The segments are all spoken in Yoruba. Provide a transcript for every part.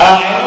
أعوذ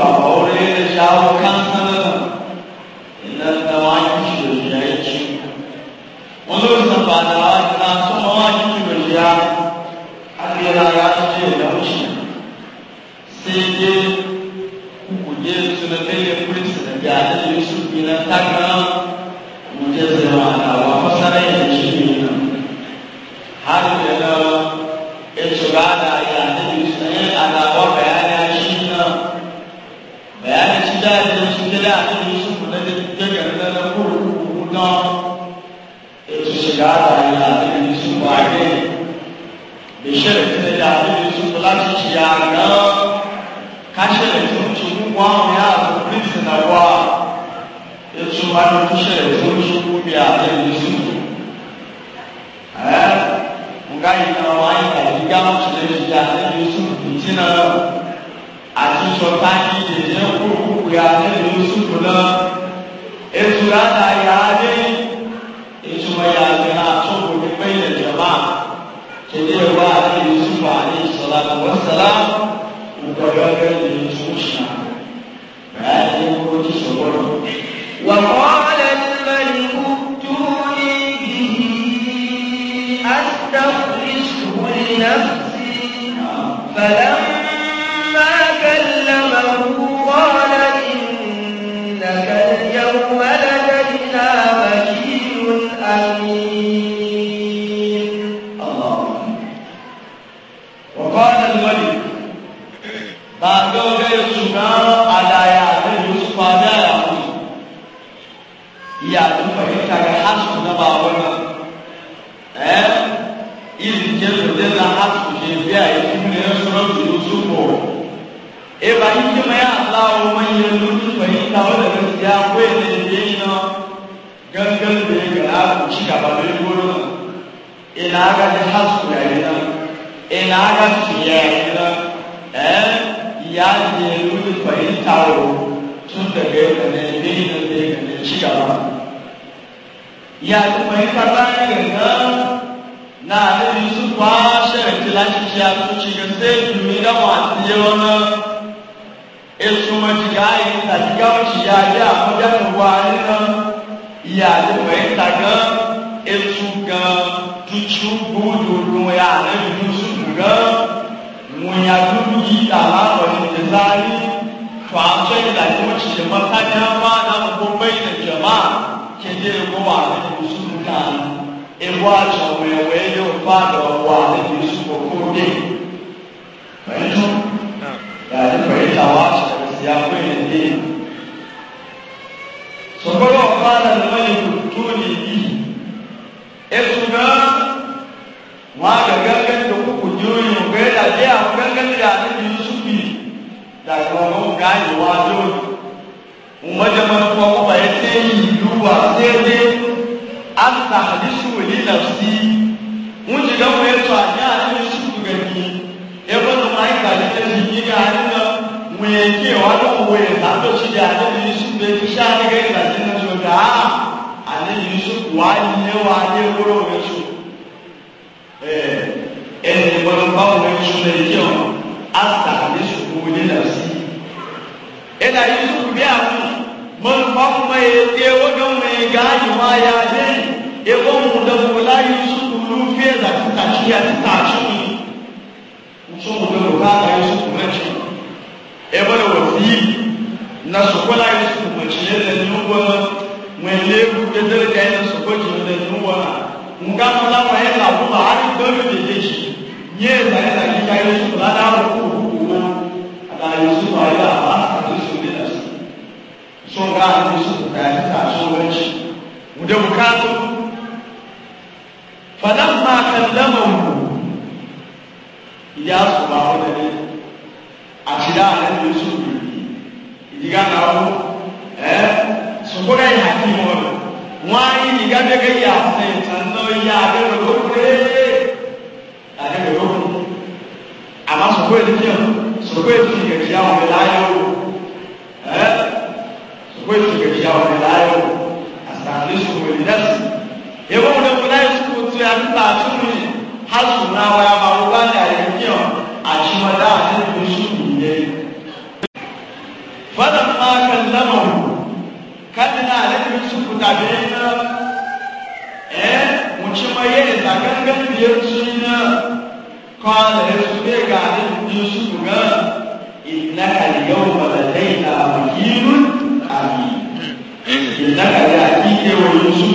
Allah inshallah ya ku fahimtar ranar ganga na annabi yusuf ba shirin tilashi ya kuci ga sai tumi na eu yawana que majiga yi tafiya wacce ya é a kudan wani nan ya ji fahimtar ga esu ga tuci gudu ya annabi yusuf ga mun ya dubi da labarin da zari to a can da kuma shi makanya ma na gumbai da jama'a ke je ko e ba da musulmi ta ewa ta we we yo fa da wa da su ko ko de bayu ya ni bai ta wa ta ya ko ne so ko ba da mai tuni bi e su ga àìlò wa dùn mọ̀jẹ̀ mọ̀ fún ọkọ̀ bàyẹ̀ tẹ́ ìlú wa déédé àtà àdísù òní nà sí ń jìgá wọn ètò àyà àdísù gẹ̀gì ẹgbẹ́ tó máa ń kà ní ẹ̀sìn yìí ní àdínà wọn èké wọn ló wọ ẹ̀dá tó ṣe dé àdínà yìí sùn bẹ́ẹ̀ tó ṣe àdínà yìí nà sí nàìjíríà dáa àdínà yìí sùn wà á yẹ wà á yẹ wọ́rọ̀ wọn sùn ẹ̀ẹ́dẹ̀gbọ́n bá wọn sùn lẹ́yìn àtà àdísù òní nà sí ina yi su biya mu mun kwan mai tsewo gan mai gani ma de, ne ebo mu da mula yi su kulu fiye da kuka ci ya ci ta ci so mu da ruka da yi su kuma ci ebo da wafi na su kula yi su kuma ci ne da nuwa mai lebu da daraja yi su kuma ci da nuwa nga mula ma yi labu ma har gami da ke ci nye zai zai kayi su lada ko kuma a da yi su ma ya son ra'ayi su da ya ta sauranci mu da bukatu fadan ma kallama mu ya su ba wani ne a shida a nan yusuf idiga na wani eh su kuma yi hakimu wani wani idiga da gayya sai tannan ya ga da lokure a ga da lokure amma su kuma yi su kuma yi gajiya wani layo ويشكو اليوم لا يوم استعلشكم لنفسي يوم لم لا يشكو تيام تعشوني حسنا ويا معلومات عليكم عشما لا أحد يشكو فلما كلمه كلنا عليكم يشكو تابعين eh mucima yene zagangan biyar sunna qala rasulika alayhi yusuf ga innaka al-yawma ìdákàdé àkíkè olóṣù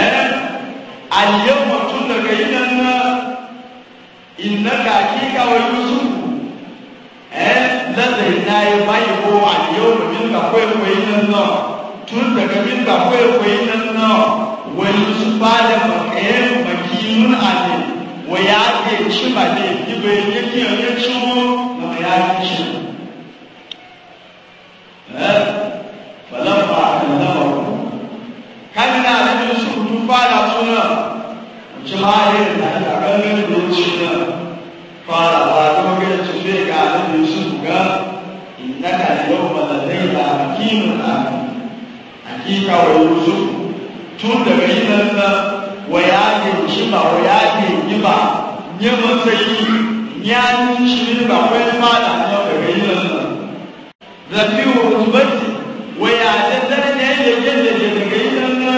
ẹ àyè mọ̀tún nàkà yìí nàná ìnáka àkíkà olóṣù ẹ lẹ́sẹ̀ ìdá ẹ báyìí kó àyè ọ̀nà mi nà kó èkó yìí nàná tún nàkà mi nà kó èkó yìí nàná wọ́n lóṣù bá dẹ̀ mọ̀kẹ́ mọ̀kì inú àlè wọ́n yà á dé ìṣúbàdé ìdìbò ẹ̀yẹ kí ẹ̀yẹ tún wọ́n mọ̀ yà á dé ìṣúbàdé. fara suna jihadin da aka ganin lokacin nan fara ba ta magana su zai ga abin su buga inna ka yau malalai da hakimin amin hakika wa yanzu tun daga yi nan na wa ya ke shi ba wa ya ke yi ba ne matsayi ya yi shi ba kwai ma da ya daga yi nan na zafi wa rubati wa ya da dare ne yake da daga yi nan na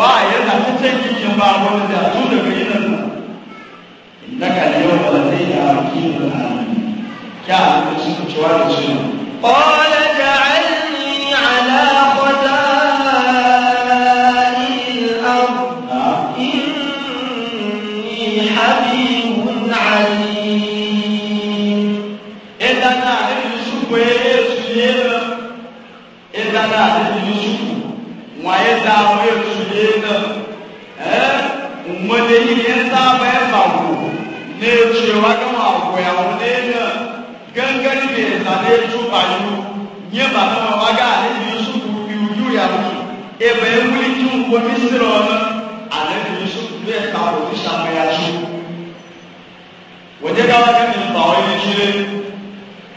wa ya تكيكين بعضهم تأتون بينكم إنك اليوم لدينا مكين آمين كان يسمى جوال قال جعلني على bayu nye baba ma waga ale bi yusuf biu ju ya mu ebe wuli ju wo mi siro na ale bi yusuf bi e ta wo sha ma ya ju wo de ga wa ke ni ba wo ni jire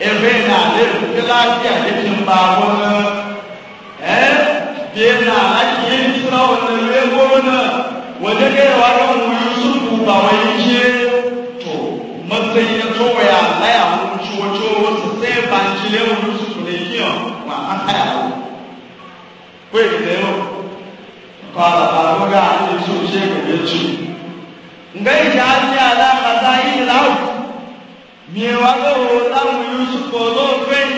ebe na ale ke la ti ale ti ba wo na eh bi na la ki ni siro na le wo na wo de ga wa ga mu yusuf ba wo kwelewa kwala barabaga ake so shekwa ya ci ngai ta ake ala kaza yi lau miewa ga wola mu yusuf kolo kwai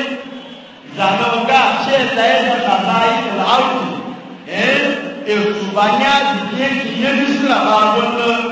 zano ga she ta yi ta kaza yi lau eh ekubanya diye diye nisira barabona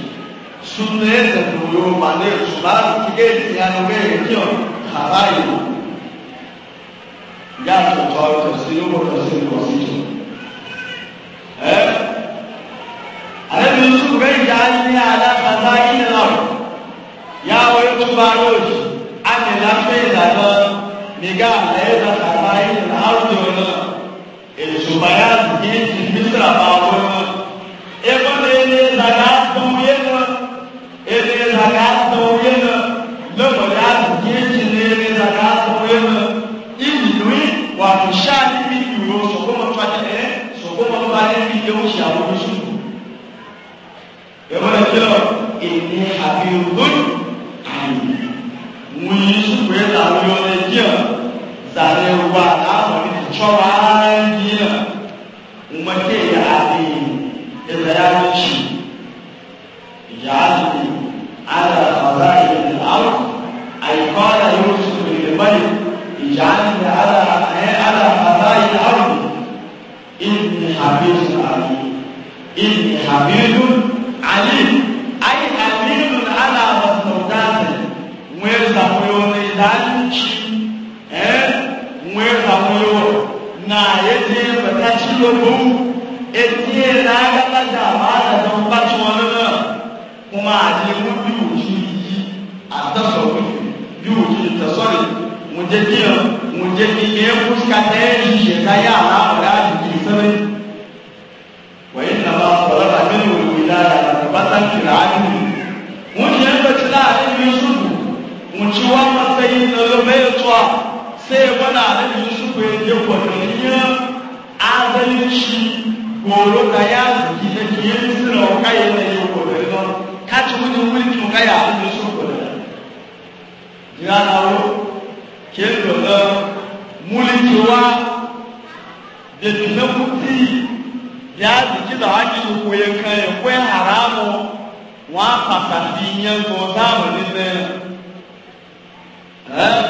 sunu ese tuyo mane sularu kike tiyanu ke kiyo harayi ya to tawo to si yo to si ko si eh ale bi su be ya ni ala kaza ina la ya wo yo to ba yo ji ani la pe la no ni ga le da kaza ina la arjo no e su ba ya ni ti misra ba desafio do je kiyo mu je ki ke fuska ta yi ya ta ya na ala jiki sabai wa inna ma talaba min wilaya tabatan fil alim mu je ba ci la alim yusuf mu ci wa matsayi na mai tuwa sai wani alim yusuf ya a kwatanniya azalci goro da ya zuki da ke yi suna kai na yi kwatanniya ka ci mutum mulkin kai a a a a a a a a a alim yusuf a ya na yiwa da tunan kuɗi ya jiki da haƙin koyon kayan kwai haramu wa fasafi yanko zamanin na eh?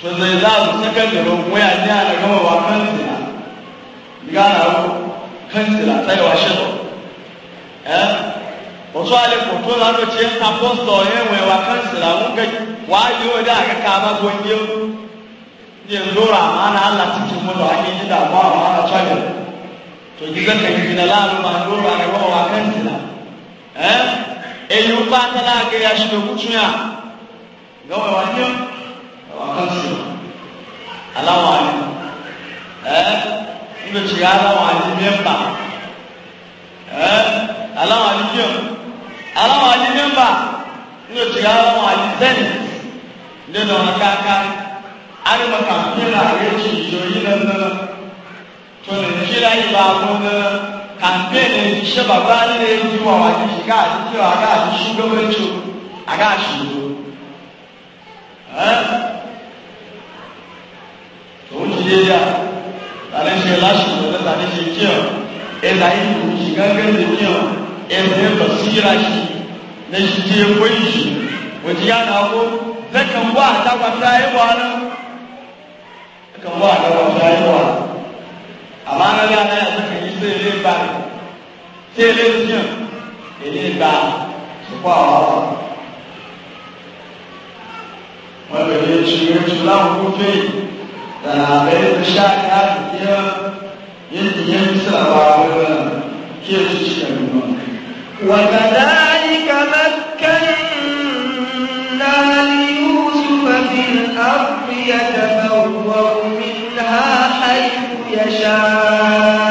to zai za su saka da rungu ya ji ana gama wa kansila gana ku kansila tsayawa shida eh wasu alaikun to na ce apostol yin wa kansila mun ga wa yi wa da aka kama gwangiyar yanzu ramana Allah cikin mu da ake ji damuwa ramana tsagar to ji zan da gina lalu ba dora da rawa kan tila eh eyi eh, ba ta la ga ya shi da kuciya ga wa wani wa kan su alawa ne eh ina ci alawa ne memba eh alawa ne biyo alawa ne memba ina ci alawa ne zen ne da na kakari ari makafi na yake yoyi nan nan to ne kira yi ba mu na kamfe ne shi ba ba ne yi wa wa ji ga ji wa ga ji shugabanci a ga shi eh to ji ya tare shi lashi da tare shi kiyo e da yi ku shi gangan da kiyo e ne basira shi na shi je koyi shi wajiya na ko zakan ba ta kwata yi ba nan kan wa ga wa ta yi wa amma na ga na ya saka yi sai le ba sai le tiyan ele ba su kwa wa wa wanda ya ci ya la ku ke da na bai da sha ka ya yin yin sala ba wa يتبوأ منها حيث يشاء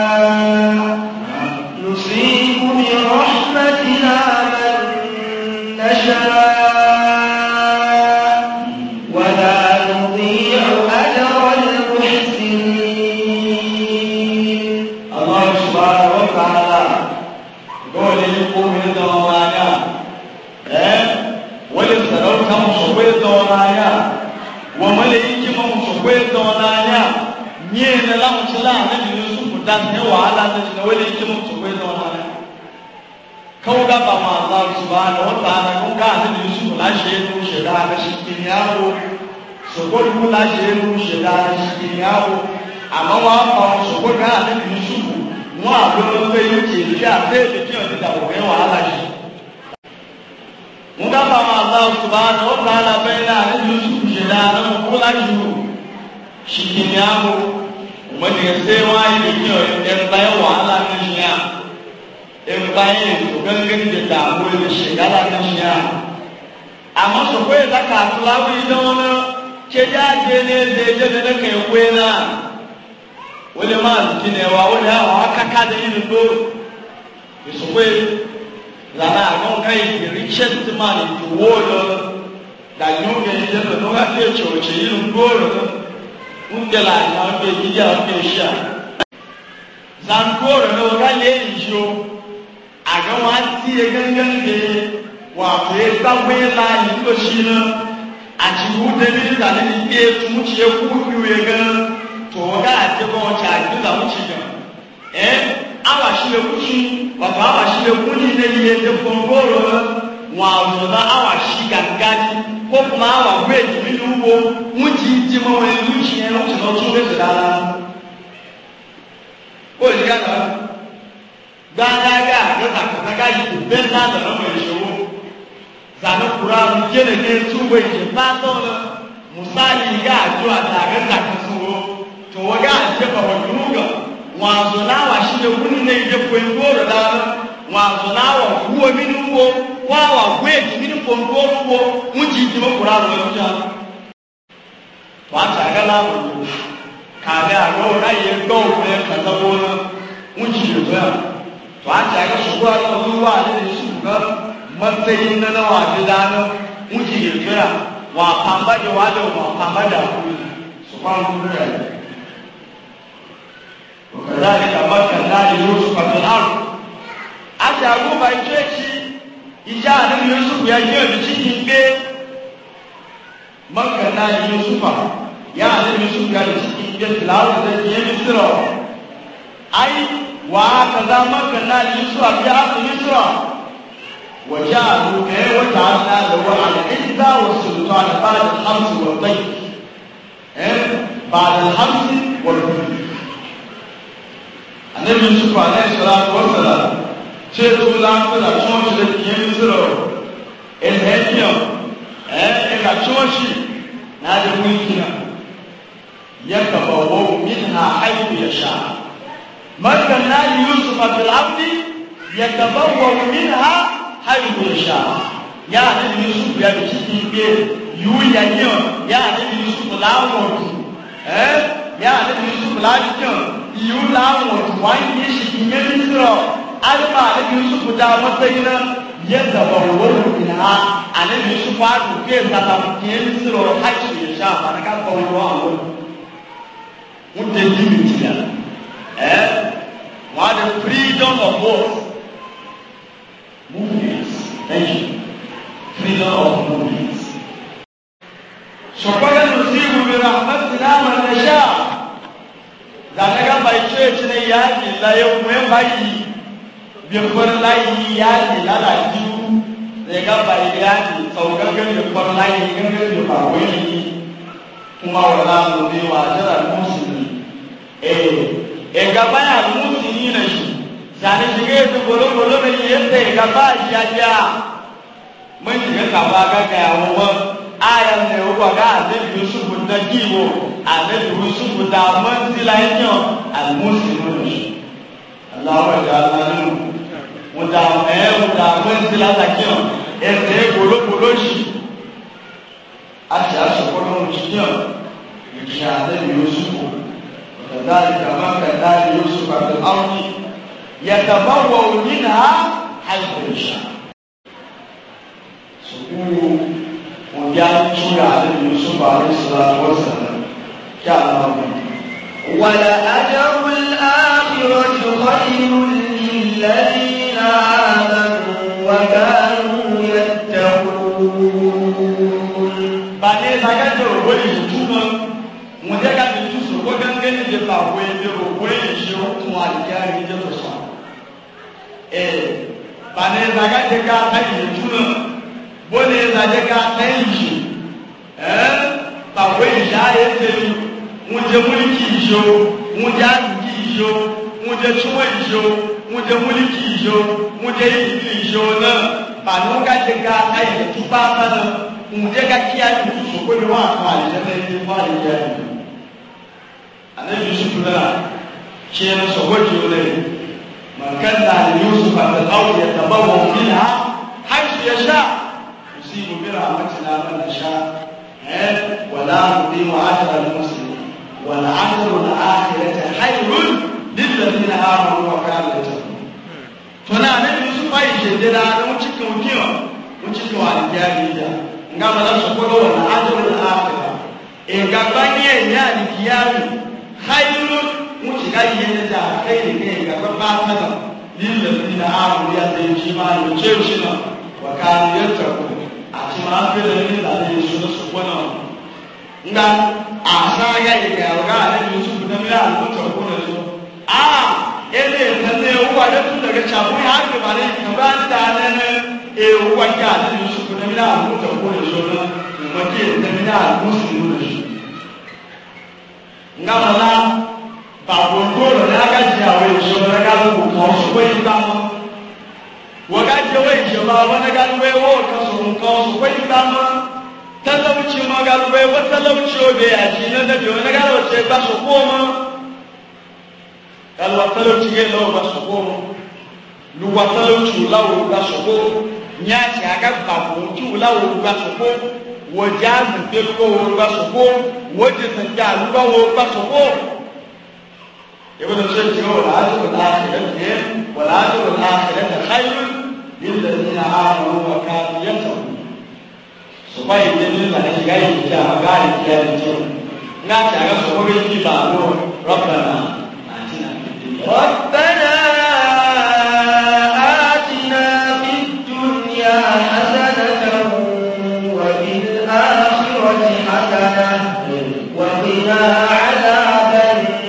wahala na jina wele ikimu tuwe na wana kawo ga ba ma Allah subhanahu wa ta'ala kun ga ni ni su la she nu she da na shi kinyawo so ko ni la she nu she da na shi kinyawo amma wa fa so ko ga ni ni su mu a lo pe yi ke ri a pe de ti o ti da o be wahala shi mun ga ba ma Allah subhanahu wa ta'ala bayna ni su she da na mu ko la shi kinyawo mo ne se wa yi ni o ɛnba yɛ wàhálà ni hyia ɛnba yɛ ogangan de ta aboɛ ni hyia gala ni hyia ama sɔkò yɛ daka atula awo yi dɔn no kyedi adi ne ɛdi ɛdi ɛdi ne ka ewe na wòle ma adi ne wa wòle a wà kaka de yi ni do sɔkò àwọn ka yi di richest man in the world la nyɔnu yɛ yi dɛ no ka fi ɛtsɛ ɔtsɛ ungela anawambia jiji awambia zankoro na ogale njo agawa tiye gangan de wa fe bagwe la yindo shina ati wude ni da ni ke tumu chiye ku yu ye gan to ga ati ko cha ju da mu chi gan eh awa shile ku chi wa ba awa shile ku ni ne ye de bongoro wọn àwòrán àwọn àṣìgàgájì kó kuma àwọn nínú wo wọn ti di mọ wọn ìlú ìṣẹ ẹnu tí wọn tún lẹsẹ rárá kó lè yàtọ gbàdágà lọta kọtàkà yìí bẹ́ẹ̀ náà lọnà wọn ìṣòwò zanu kura wọn jẹrẹ ní ẹtú wọn pátọ lọ musa yìí gà àjọ àtàrẹ ńlàkùnso wọn tọwọ gà àjẹbà wọn ìlú gà wọn àzọ náà wà ṣíṣe wọn nínú ẹjẹ pẹ̀lú ọ̀rọ̀ dáná wazona waguwe mini uwo wawagweki mini mpongo uwo mujijima kuraro yoja batagala uwo kabe aro na ye gbo uwe kaza wona mujijima ya twataga shugwa na uwa ne shugwa matsayin na na waje dano mujijima ya wa pamba je waje wa pamba da ku subhanahu wa ta'ala وكذلك مكنا ليوسف في الارض àti àwọn ọba ìjọ ẹkí ìjà àdéhùn yusuf yà yí òdì tí kì í gbé mọ́kànlá yusuf à yà àdéhùn yusuf yà òdì tí kì í gbé fìlàwù tẹ yẹ mi sírọ̀ ayi wà á kàdá mọ́kànlá yusuf àbí àti mi sírọ̀ wọ́jà àdó ẹ̀ wọ́jà àdá lọ́wọ́ àlẹ́ ẹ̀yìn dá wọ́n sọ̀rọ̀ àdá bá àdá hàmsù wọ̀ tẹ́yì ẹ̀ bá àdá hàmsù wọ̀ tẹ́yì. Anabi Jesu lambda church le kienzro el helio eh el church na de mwingine yakabawu minha haythu yasha makkana yusufa fil abdi yakabawu minha haythu yasha ya ni yusuf ya bichi be yu ya nyo ya ni yusuf lawo eh ya ni yusuf lawo yu lawo wa yeshi kienzro alima anabi yusuf da matsayi na yadda warwar ina anabi yusuf a rufe zalafiye misiro haƙƙi ya sha ba na kan kawo a wani wanda yi mutiya eh wa the freedom of both movies thank you freedom of movies شكرا نصيب برحمتنا من نشاء da na ga bai ce shi ne ya ke layo mu ya bai biyan layi ya ne lada jiru da ya bai ya ne tsau gangan da kwan layi gangan da ba wani ne kuma wa za mu bi wa jira musulmi eh e gaba ya musulmi na shi zane shige su bolo bolo ne yadda ya gaba ya ja mun shiga gaba ga ga yawo ayan ne ko ga annabi Yusuf da kiwo annabi Yusuf da manzila yake al-muslimun Allahu ya jalalalu ŋdà ẹ ŋdà wẹ́ńtì látàkìyàn ẹ̀fẹ́ gbólógbóló yìí àti àsopọ̀lọ́ òjìyàn ìjìyà àtẹ̀lẹ̀ yosùfò kàdáàlì kàmá kàdáàlì yosùfò àti áwùjì yàtàbá wọ̀ òní nà á àìkòrìṣà sùkúrù òní àtúnyà àtẹ̀lẹ̀ yosùfò àti sọ̀rọ̀ àtúwọ̀sán kí àlọ́ ولأجر الآخرة خير للذين وكانوا يتقون بعدين سكت ربوي يتوما مدك بيتوس وكان كان يجمع وين ربوي je ka ta yi tuna bo ne zaga ka ta yi eh ba we ja ye te ni mu je jo mu ja jo mu je jo muje mulki jo muje ilimi jo na banu ka je ka ayi tu pa pa na muje ka kiya ni so ko ni wa ka je na ni wa ni ja ni anabi shukura ke na so ko jo ne man kana li yusufa fil ardi yatabawwa minha haythu yasha yusibu bi rahmatina man yasha ولا نضيع عشر المسلمين والعشر الآخرة خير للذين آمنوا وكانوا tona anabi yusufa ìṣèdera ló ń chikin kíọ ń chikin àlìjá ìjà nga mọ̀lá sọ̀kọ́lọ́ wọn adúlù áfíríkà ìgbà bá ní ẹ̀yà àlìjá mi háyúrú ń chiká yíyẹ níta àkẹ́yìn ní ìgbà bá bá sábà lílẹ̀ nílẹ̀ àrùn ní àti ìjì máa lò ṣé o ṣe nà wà a, ní ẹ̀ tẹ̀kù àti máa fẹ́lẹ̀ nílẹ̀ àti ìṣù ní sọ̀kọ́ náà nga àṣà ayá ìgbà ọ̀gá àlejò yusufu náà mi ele nane owó adékúndé kẹsì àwọn yà àgbèbà ní ìjọba àdá nínú ewu wájú àti yusufu nínú àwọn ìjọba èso náà ìmọ̀jì nínú àwọn ìṣòro èso. ngamala bàbá ndóòlù ní akájì àwọn èso náà káló kò kọ́ sọ́kọ́ yìí bá mọ́. wọ́n ká jẹ́ wọ́n ìjọba wọn ní káló wọ́n wọ́n kọ́ sọ́kọ́ kọ́ sọ́kọ́ yìí bá mọ́. tẹ́lẹ̀ wọ́n ti mọ́ káló wọ́n tẹ́lẹ̀ wọ́n ti kalwa talauci ye lawo ba sokoro luwa talauci lawo ba sokoro nyaasi aga bakunci lawo ba sokoro wajaazi peluko wo ba sokoro wajisanja luba wo ba sokoro يقول الشيخ والعاجل الآخرة والعاجل الآخرة خير للذين آمنوا وكانوا يتقون sọgbọn yìí ní nígbà tí ìyá yìí jẹ àgbáyé jẹ ẹni tó ń gbà tí a yọ sọ wọlé yìí bá a lọ rọpò náà. ربنا آتنا في الدنيا حسنة وفي الآخرة حسنة وقنا عذاب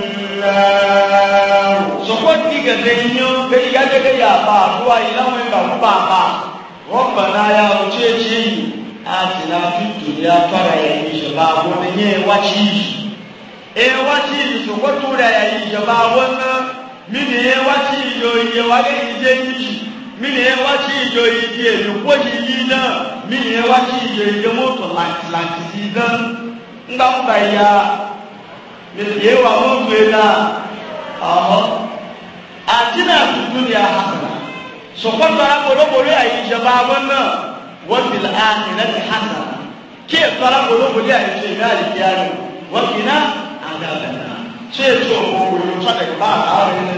النار سقط في كذنيو في يدك يا بابا وإلهي بابا ربنا يا وجيجي آتنا في الدنيا فرعين شباب ومن يواتي يواتي سقط ولا يجبا ومن mine ye wati ijo iye wage ije nji mine ye wati ijo iye yukwo ji yi na mine ye wati ijo iye moto lanti lanti si na nga mba ya mine ye wa moto ye na ọhọ ati na tutu ya hasana sọkọtọ abolobolo ya yi jaba abọ na wọn bi la ahi na ti hasana kí ẹ tọ́ra abolobolo ya yi jẹ ìgbà yìí kí a yọ na se tí ètò òkòwò yóò tọ́ lẹ̀ bá àwọn ẹni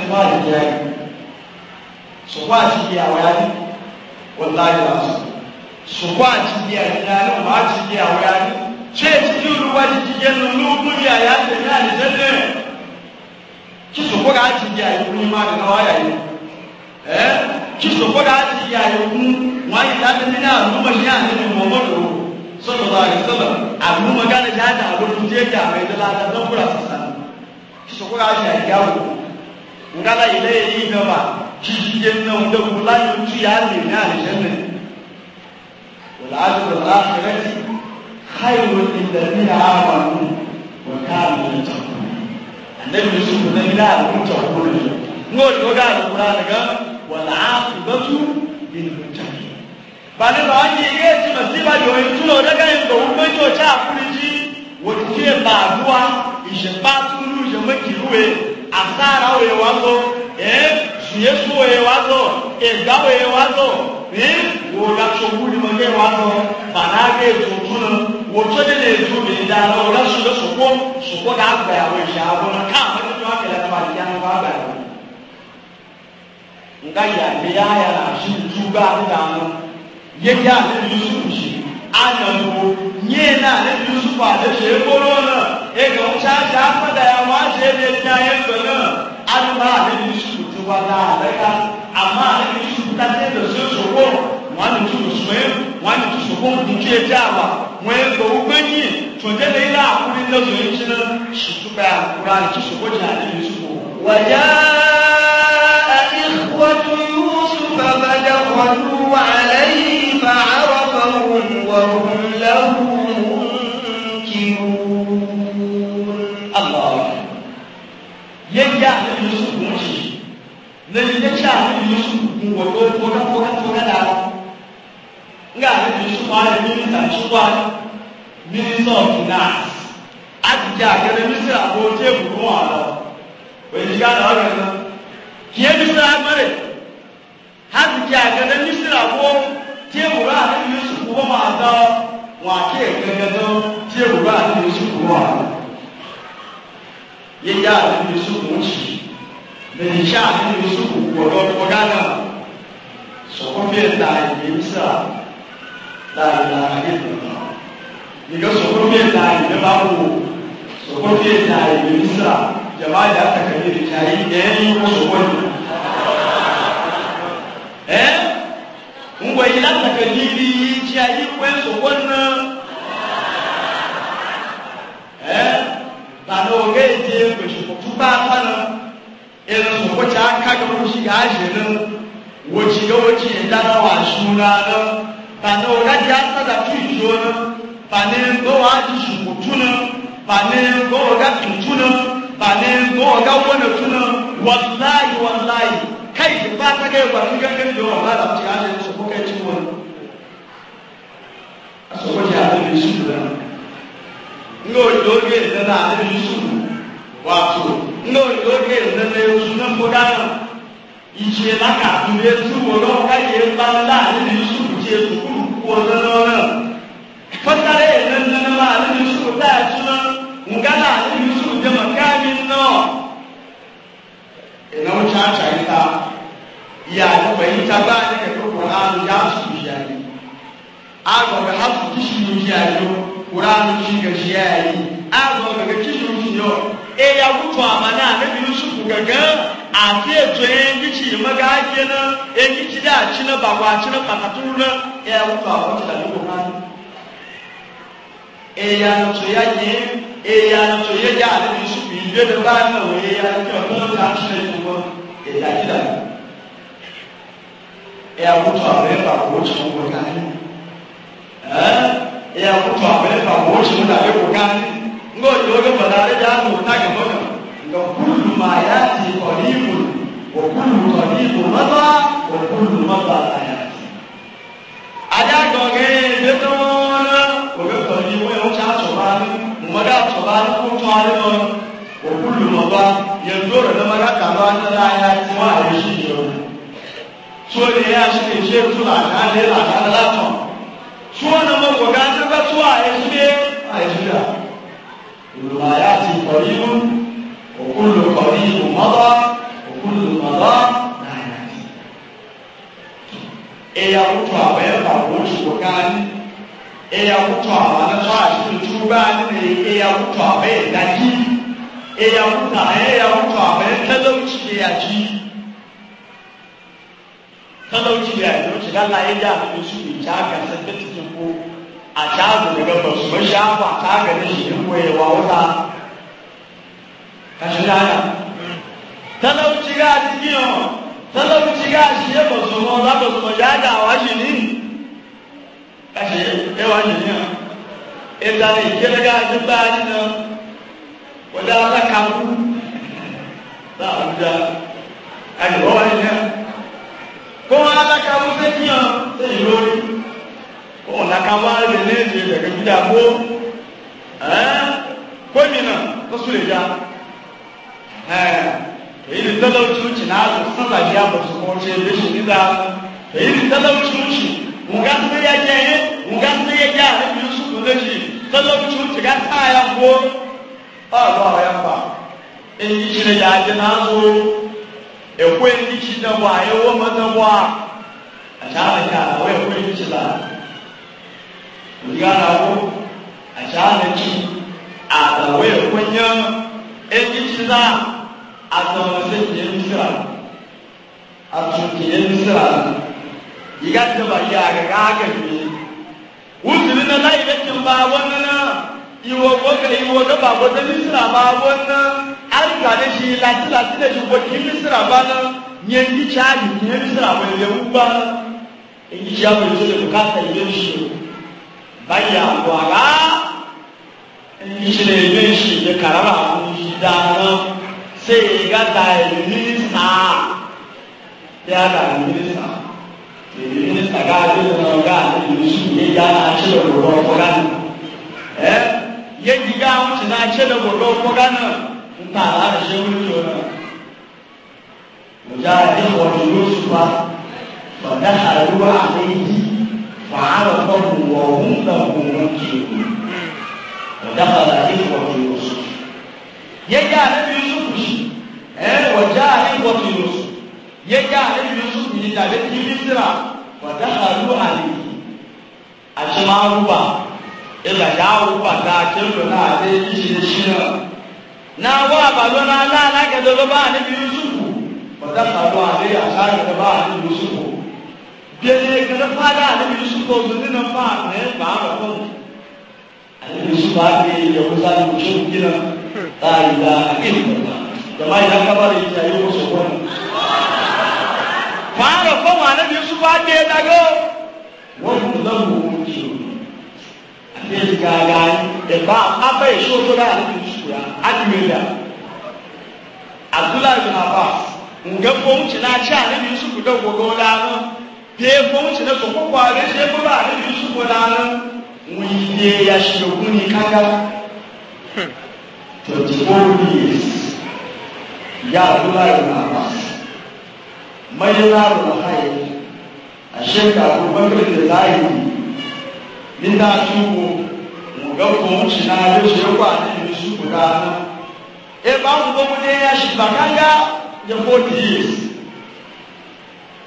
tó wà lẹ́yìn rẹ̀ sọ̀kọ́ àti ibi àwọn yá ní ọ̀làjú àti sọ̀kọ́ àti ibi àyíká ní ọ̀mà àti ibi àwọn yá ní tí ètò tí olúwa ti di yẹn lọ lóògùn ní àyà tẹ̀lé àdìsẹ́ lẹ̀ kí sọ̀kọ́ àti ibi àyíkú ní má nínú ọ̀yà yìí ẹ̀ kí sọ̀kọ́ àti ibi àyíkú wọ́n yìí láti ní àlùmọ̀ ní àlejò mọ̀mọ́dọ̀ sọ̀rọ̀ àyè sọ̀rọ̀ àlùmọ̀ gánà jáde àlọ́ sokola nyajawo ngala ile yi naba jijije na wunde kula yi otu ya le ne alijanna wala adu wala akhirati khairu lilladhina amanu wa kanu yattaqun annabi yusuf na ila al-muttaqun ngol ko ga al-qur'an ga wal aqibatu lil muttaqin bale ba ni ge ti masiba yo en tulo daga en go ko to cha kuliji wo ti ba duwa ije ba tulu makiruwe asara oye wazo e, yesu oye wazo ega oye wazo e, wòga tsogu ni mo ké wazo bana ké tsogu na wòtso ne le du mi da la wòga su ɖe soko soko ka gbɛ awo ìyá wo na ká àwọn ɛdí wa kɛlɛ tó àti yanu wa gbɛ awo nga yi ale ya ya la asi tu ba ale da mo ye ya ale yusufu si anago nye na ale yusufu ale se ebolo na ega wuta ta fada ya wace ne ta yin gana an ba da ni shi ku ba da daga amma da ni shi ku ta ce da shi so ko wani tu su mai wani tu su ko ku ce ta ba mu yin go gani to da ne la kuri da zo yin shi shi ku ba kura ki su ko ta ni shi ko wa ya ikhwatu yusuf fa badakhalu alayhi nga anabi yusuf mu wɔ do kɔda kɔda kɔda da nga anabi yusuf ayɛ minista tukwa minista of finance adidi akɛlɛ minista abo tse buru wɔn alɔ wɛdiga na ɔyɛ lɛ kìí minista amɛrɛ adidi akɛlɛ minista abo tse buru anabi yusuf wɔn alɔ wɔn akéè gɛgɛ tó tse buru anabi yusuf wɔn alɔ yɛ yɛ anabi yusuf wɔn tsi lẹ́yìn iṣẹ́ àti yusufu ọ̀dọ́ ọ̀gá náà sọ̀kọ́ bí ẹ̀ta ìgbésà láìlára ìgbà ìgbà sọ̀kọ́ bí ẹ̀ta wò sọ̀kọ́ bí ẹ̀ta ìgbésà jàmbá yà kàkàlẹ̀ ìjà yìí ẹ̀yìn ọ̀sọ̀kọ́ yìí. ẹ́ ngwa yìí látàkàlẹ̀ yìí ìjà yìí pẹ́ sọ̀kọ́ náà ẹ́ tàbí ọ̀gá ìdí ẹ̀kọ́ ìṣòkò tó bá a fa náà yanzu ko ta kaga ko shi ga shirin wuce ga wuce da na wa shuna na ba na wala ya sada ki zo na ba ne go wa ji shi mutuna ba ne go ga tutuna ba ne go ga wani tuna wallahi wallahi kai ba ta kai ba ni ga kan da wala da ci ga shi ko kai ci wani a so ko ya da shi da ngo do ge da da shi wato ndo yoge nene yusuna mbodana ichie laka tunde tu wono ka ye bala ni yusu che kuru wono no fatare nene na ma ni yusu ta chuna ngala ni yusu de makami no ina ucha cha ita ya ni ba ita ba ni ke qur'an ya su ya ni ago ga hasu kishi ni ya ni qur'an shi ga shi ya ni ago ga kishi ni yo eya kutu amana anabi yusufu gangan ati eto yen gici maga ake na yen gici da aci na bako aci na pakaturu na eya kutu awon ti da lugu na eya na to ya ye eya na to ye ya anabi yusufu yi de ba na o eya na to ọdun ta ti na ifunwo eya ti da lugu eya kutu awon efa ko ti fun ko ka ni eya kutu awon efa ko ti fun da lugu ka ni ngo joge balare jamu nage mono ngo kullu ma yati qaribun wa kullu qaribun mata wa kullu mata ayati ada goge betona goge qaribun wo yo cha chobani mumaga chobani ku chwale no wa kullu mata yanzura na maga kama na ayati wa ayishi yo so ne ya shi ke je tula na le la na la to so na mo goga ta ba tuwa ayishi ayishi كل ما يأتي قريب وكل قريب مضى وكل مضى نعم إيا وطوى ويبقى ووش وكان إيا وطوى وانا صاحب الجوبان إيا وطوى ويدكي إيا وطوى إيا وطوى ويتلوشي يجي talauci da yanzu shiga na iya da su ne ta gasar da cikin ko a ta daga ba su mashafa ta gani shi in wayewa wuta ka shi rana talauci ga cikin yau talauci ga shi ya ba su ma za ba su ma jadawa shi ne ka shi yawa shi ne ita ne ke daga shi ba ni na wadda ta kamu za a wuta a ji wawa ne kuma ta kamu sai kiyan sai yi lori ọ̀nà kaba rẹ̀ ní èdè ìdẹ̀gẹ̀ gbígbà kó gómìnà tó sùn lè já èyí ni talaucinci na azụ suna ya ba su kwanci da shi nida èyí ni talaucinci nga ndị ya ja ihe nga ndị ya ja ahụ bi su kwanci shi talaucinci ga taa ya kwuo ọ lọrọ ya mba èyí shi ne ya adị n'azụ ekwe ndị shi na bụ anyị wọ mmadụ bụ a a chara ya o ekwe ndị shi na yarawo ajanaki adawe konya ekikira adamase kye misira atukiye misira yigatse bari agagaganye wuzuri na nayi bakin babon na iwo goga iwo ga babon na misira babon na arka da shi lati lati da shi gokin misira ba na nyengi chali nyengi misira ba ne uba nyengi chali ne bukata ne shi báyà wàrà ìṣẹ̀lẹ̀ ìlú ìṣẹ̀lẹ̀ kàràrà fún ìdáná ṣe ìgádà ìlú mínísítà da, ìlú mínísítà ìlú da káàdé ìlú káàdé ìlú ìṣẹ̀lẹ̀ yàrá ìṣẹ̀lẹ̀ òwò ọ̀gá ni ẹ yéjì gá àwọn tìǹda ìṣẹ̀lẹ̀ òwò ọ̀gá náà ń ta àlàáṣẹ oríṣi ọ̀nà ìjà ìwọ̀n ìlú ṣùgbọ́n ọ̀dà àrùwá àlẹ́ yìí. وعلى القوم وهم لهم منكرون ودخل إخوة يوسف يجا نبي يوسف وجاء إخوة يوسف يجا نبي يوسف من تابعه مصر ودخلوا عليه أجمعوا إذا جاءوا فتاكلوا عليه شيئا na wa balo na ala ala kẹdọ ló bá níbi yusufu ọdá kàlọ àlẹ àṣà kẹdọ bá níbi yusufu bẹ̀rẹ̀ gẹ̀rẹ́ fada alebi yusufu ọdún nínú fáàmù ẹ̀ bá rọ̀ fún mi. alebi yusufu adi yọkọ sáré oṣù gíga láàyè la akéwìkọ̀tà jama yìí lákàbàrà yìí ayé wọ́n sọ fún mi. bá rọ̀ fún mi alebi yusufu adi ẹ̀ dàgọ́. wọ́n bie fún tìlẹ̀ tó kọ́kọ́ àrẹ ṣe kó bá àrẹ yìí sùpọ̀ dáná wọ́n yí bie yàtọ̀ ògùn ní kájá twenty four years ìyá àdúrà yìí nà bá mẹ́lẹ́lá rọ̀ láyé àṣẹ́ka àbúgbẹ́gbẹ́ láyé nígbà tó wọ ògá fún tìlẹ̀ àrẹ ṣe kó àrẹ yìí sùpọ̀ dáná ẹ bá ń gbọ́ mọ́tẹ́ yà ṣùgbọ́n kájá yẹ forty years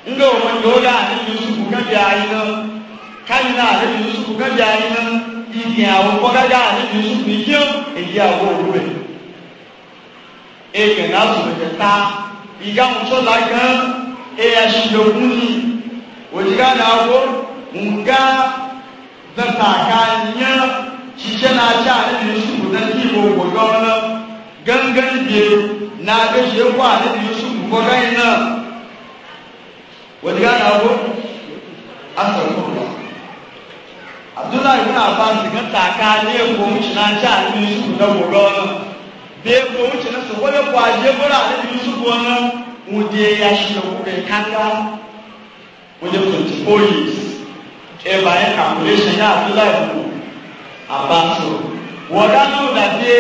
nga wo man doga ani yusufu ka jaayi na kan na ani yusufu ka jaayi na idi awo kɔka ja ani yusufu yi edi awo owurɛ eke na sɔrɔ kɛ taa iga muso la gan eya si do kuni odiga na awo nga zata ka nya tsitse na tsa ani yusufu na ti wo wo yɔn na gangan bie na abe se ko ani yusufu kɔka yi na wani gane abu asarkurwa abdullahi ibn abbas ga taka ne ko muci na ci a cikin su da gobe wannan be ko muci na su wani kwaje mura a cikin su wannan muje ya shi da kuɗin kanga muje 24 years e bayan calculation ya abdullahi ibn abbas wadanu da be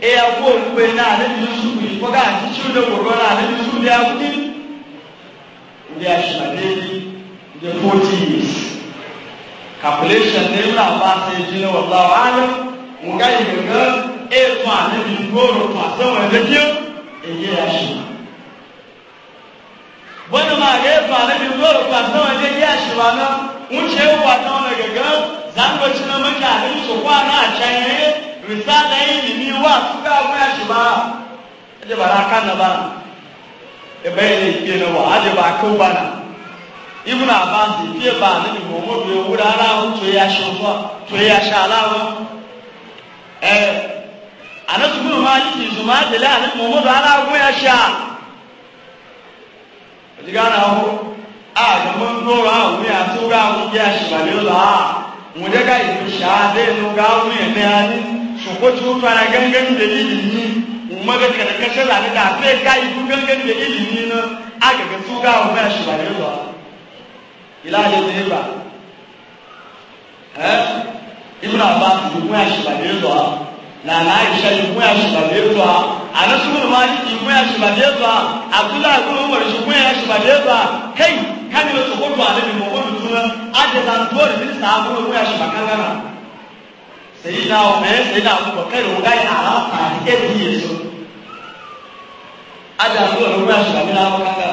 e ya ko kuɗin na a cikin su ko ga cikin da gobe na a cikin su da ya kuɗin ndị ashmadeli ndị 40 years calculation na ewu na-agba asa eji na wọta ọhanya nga ihe ga etu a na ebi ngoro tụ asa nwere dịkị enye ya shima bọ́dọ̀ máa gé etu a na ebi ngoro tụ asa nwere dịkị ya shima na nwuchi ewu atọ na gaga zangochi na maka adịm sokwa na-acha ihe risa na ihe ni wa suka abụ ya shima ha ejebara aka na ba ebayele ikpe na wa adịba aka ụba na ibu na aba ntị ba na igbo mmadụ ewuru ara ahụ tụọ ya shi ụfọ tụọ ya shi ala ahụ ee anatubu ma anyị ji adịla anyị ma ara ahụ ya shi a ojigbo na ahụ a gama ahụ ya tụrụ ahụ ya shi bali ụlọ a ga shi ahụ na anyị umaga daga da kashe zane da sai ka yi dukan gani da ilimi na aka ga tuga wa mai shi ba yanzu ila ya zai ba eh ibn abbas yi mu shi ba yanzu na na aisha yi mu shi ba yanzu anas ibn malik yi mu shi ba yanzu abdullah ibn umar yi mu shi ba yanzu kai kan yi su ko ba da mu ko tuna ade da dole ne sa mu mu shi ba kangana èyí náà ọmọ ẹ ṣe náà fún ọkẹ ìròyìn láì àlàáfà ẹbí èso ajá ló lọ lórí àṣùwà mi náà wọn kákà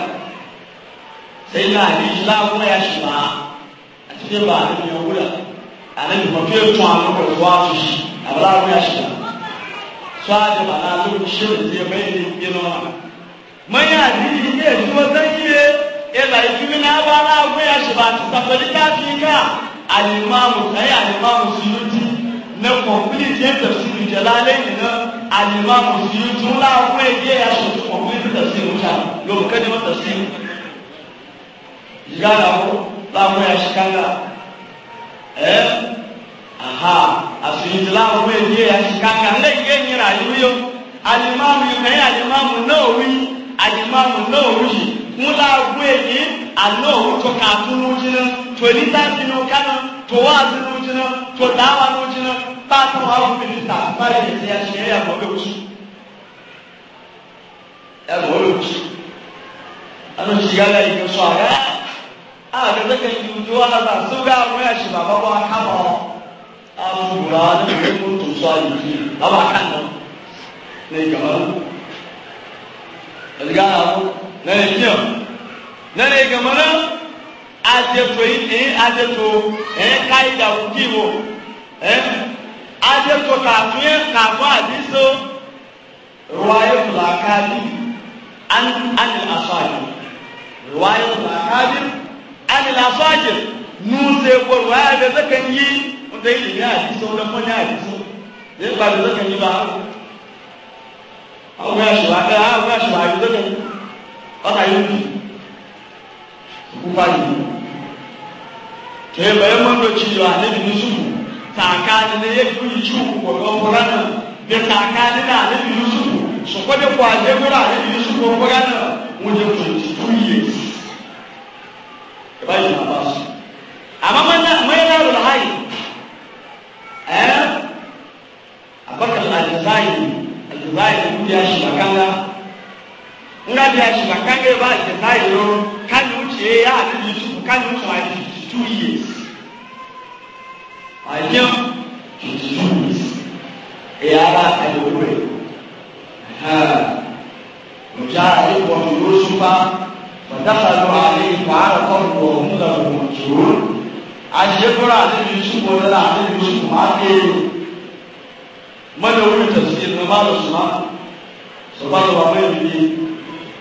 ṣèyí náà àbí ìṣúláwọ ẹ àṣùwà àti bí ẹbà àti ìyẹn wúlà àti ìgbìmọ̀ tó yẹ tún àwọn ọmọ ìwọ àtúnṣe àbúláwọ ẹ àṣùwà sọ àjọ bàtà ló ń ṣe òṣèlú ẹgbẹ́ ilé ìgbé náà mọ́yà àti ìdílé ìṣúwọ́ sẹ́yìn ẹ ẹ àṣùwà àti sàpẹ̀lẹ́ká na kɔnfili tiɲɛ tafsiri jalalen nin na alimamu fi tun la wɛ ye ya sɔ kɔnfili tafsiri ta yobu kɛ ɲɔgɔn tafsiri yala ko lamu ya sikanga ɛ aha a fi tun la wɛ ye ya sikanga ne ye ɲinɛ ayi yo alimamu yi mɛ alimamu n'o wi alimamu n'o wi kun la wɛ ye allo wuto kafin wujina to littafi no kana to wazi wujina to dawa wujina ba ta hawa filista fara da ya shi ya gobe wusu ya gobe wusu ana shiga da ikin su a ga a ah, ga zaka yi wuto wala ba su ga mu ya shi baba ba kama a ah, mugura da mun tuso a yi a ba kan nan ne kamar daga na ne kiyan nana yi gama na adeto yi ɛn eh, adeto ɛn eh, kaida wuki wo ɛn eh, adeto kafiɛ kafɔ adiso ruwaye fulakadi an anil asaaji ruwaye fulakadi anil asaaji nuse ko ruwaye bɛ se kan yi o tɛ yi ni adiso o tɛ fɔ ni adiso ne ba bɛ se kan yi ba awo bɛ a sɔ a bɛ a bɛ a sɔ a bɛ se yi o ti kuma yi ke bayan mandoci yau a nabi yusufu takani ne ya fi ci ko ga kurana da takani na nabi yusufu su kwade kwaje mura nabi yusufu ko kurana wajen 22 years bayan na basu amma mai larul hayi eh abakar al-jazairi al-jazairi ya shi magana nga bi ashima kange ba se nayo kani uche ya yusufu kani uche wa two years ayo two years eyara ayowe mujara ikuwa yusufa fadakalu alayhi faarakahu wa hum lahu mujurun ashekura alayhi yusufu wala alayhi yusufu ma ke mana wuri tafsir na malu suma subhanahu wa ta'ala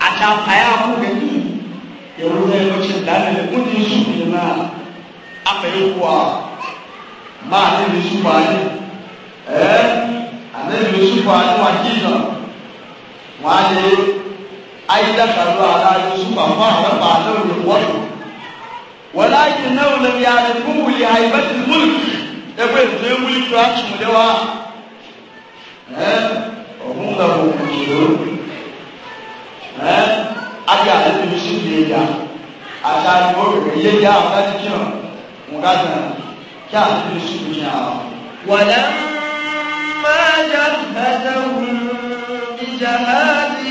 atafaya ku gani ya wuce lokacin da ne gudun su ne na aka yi kuwa ma ne ne su ba ne eh annabi ne su ba ne wa kina wa ne ai da karu ala ne su ba ma wa ba da ne wa walakin nau lam ya'lamu li haibatil mulk da bai zai mulki ra shi mu da wa eh wa hum lahu mushirun ayé àtẹ̀tẹ̀ ní sùn yé ya àti àyẹ̀wò rẹ̀ yé ya àwọn láti kí hàn wọn ká tẹ̀ kí àtẹ̀tẹ̀ ní sùn yé ya. wàlẹ́ máa jà bàtàwùn ìjà láti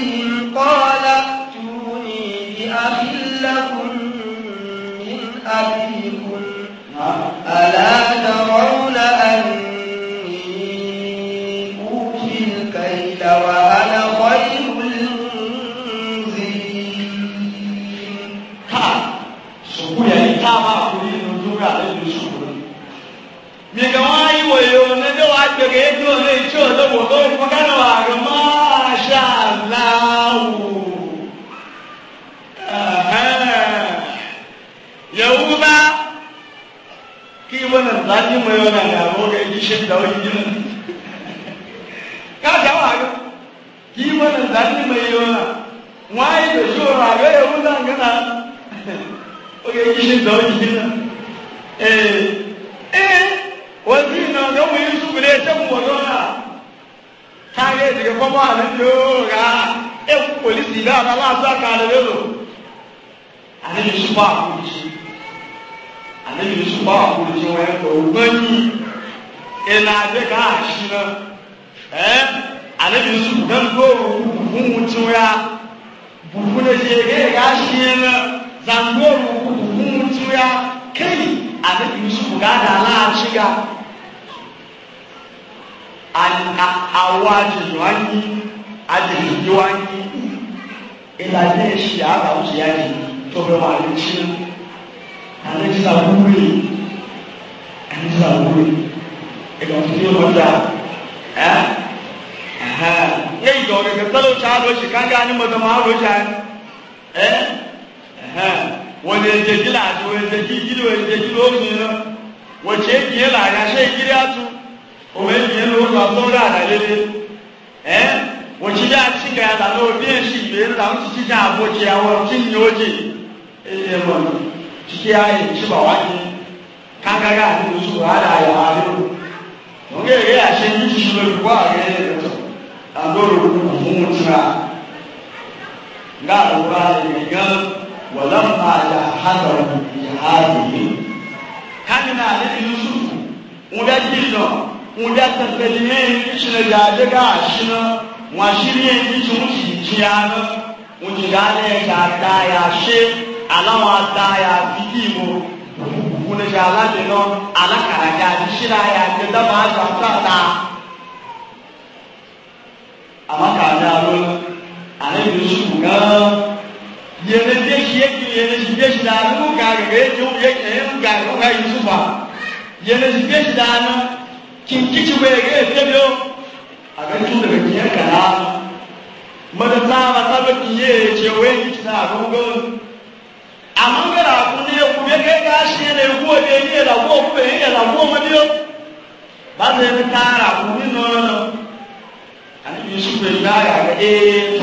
kọ́lá tùní bí àbí lẹ́kùn ní àbí. iwe yo ne do wa gbege edo ne tso ne wo do mo ka na wa ro masha allah yawu ba ki wona zani mo yo na ga ro ke ji shi da wani jin ka da wa ro ki wona zani mo yo na wa yi do so ra ga yawu na ga na o ke ji shi da wani jin eh eh wọ́n yìí náà lọ́wọ́ yìí sùn lé sẹ́mu wọ̀nyọ́ náà káyé ìdìgẹ́ fọ́mọ́ àná yóò rà é kú pòlísì ìlú àná aláṣọ àkàlẹ̀ lélò àná yìí sùn bá àkójì àná yìí sùn bá àkójì wọn ẹ̀kọ́ ògbọ́n yìí ìlà àjẹ́ ká àṣì náà ẹ́ àná yìí sùn gbẹ́ngbó òkùnkùn tí wọ́n yá bùkún lè ṣe é kéèké àṣì yẹn A A a a anabi yusufu gaada alaachiga awajiwanyi ajihijiwanyi ilane eshi akawuti yaki tobe walichi anajisa wuri anajisa wuri ekawutile wata eh aha ngai dɔgɔ kɛ salo caa dɔ si kan kaa ni mɔtɔ maa dɔ caa eh aha wani ejeji laati wani ejeji jiri wani ejeji lómi lọ wọ́n ṣe ìyẹn láàrin aṣẹ́ ìjírí àtú òun ìyẹn ló lọ tó ń rà àdàlélé ẹ wọ́n ṣe dá síkà yàtà lọ bí ẹ̀ sì gbé ńlá ń ti ṣe àbòjì àwọn tí ń yóò jì ẹ mọ̀ ṣíṣe ayé ìṣúbà wá ní kákáká àti oṣù àdá àyà àdéhùn wọ́n kéèrè àṣẹ yìí ti ṣe olùkọ́ ààrẹ àgbọ̀rọ̀ òun tura ńgá àlùbá ìgbìngàn. ولما جهزهم بجهازهم كان عليه يوسف ودجيلو ودتسليمين شنو جادغا شنو واشيرين شنو شيجيانو وجدانه كاتايا شي aláwọn adáyà bíbí mo wúnẹ̀ṣẹ̀ aládìná alákàràjà àdìṣíra ya jẹta máa gbà sáta àmàkàrà ló àlejò ṣùgbọ́n daanu mu gaari ka eji ye ye mu gaari ka yusufa yɛlɛ si bɛ daanu kinkici bɛ ye efe bi o a bɛ tu daga tiɲɛ kala mɔtɔ taaba taaba ti ye cɛ o ye kiti na a ko ko a man kɛ la ko ne ye ko bɛ kɛ k'a siɲɛ la ko o ye la ko o bɛ la ko ma di ba se ne taara ko ni nɔnɔ ani yusufa yi n'a yɛrɛ ee.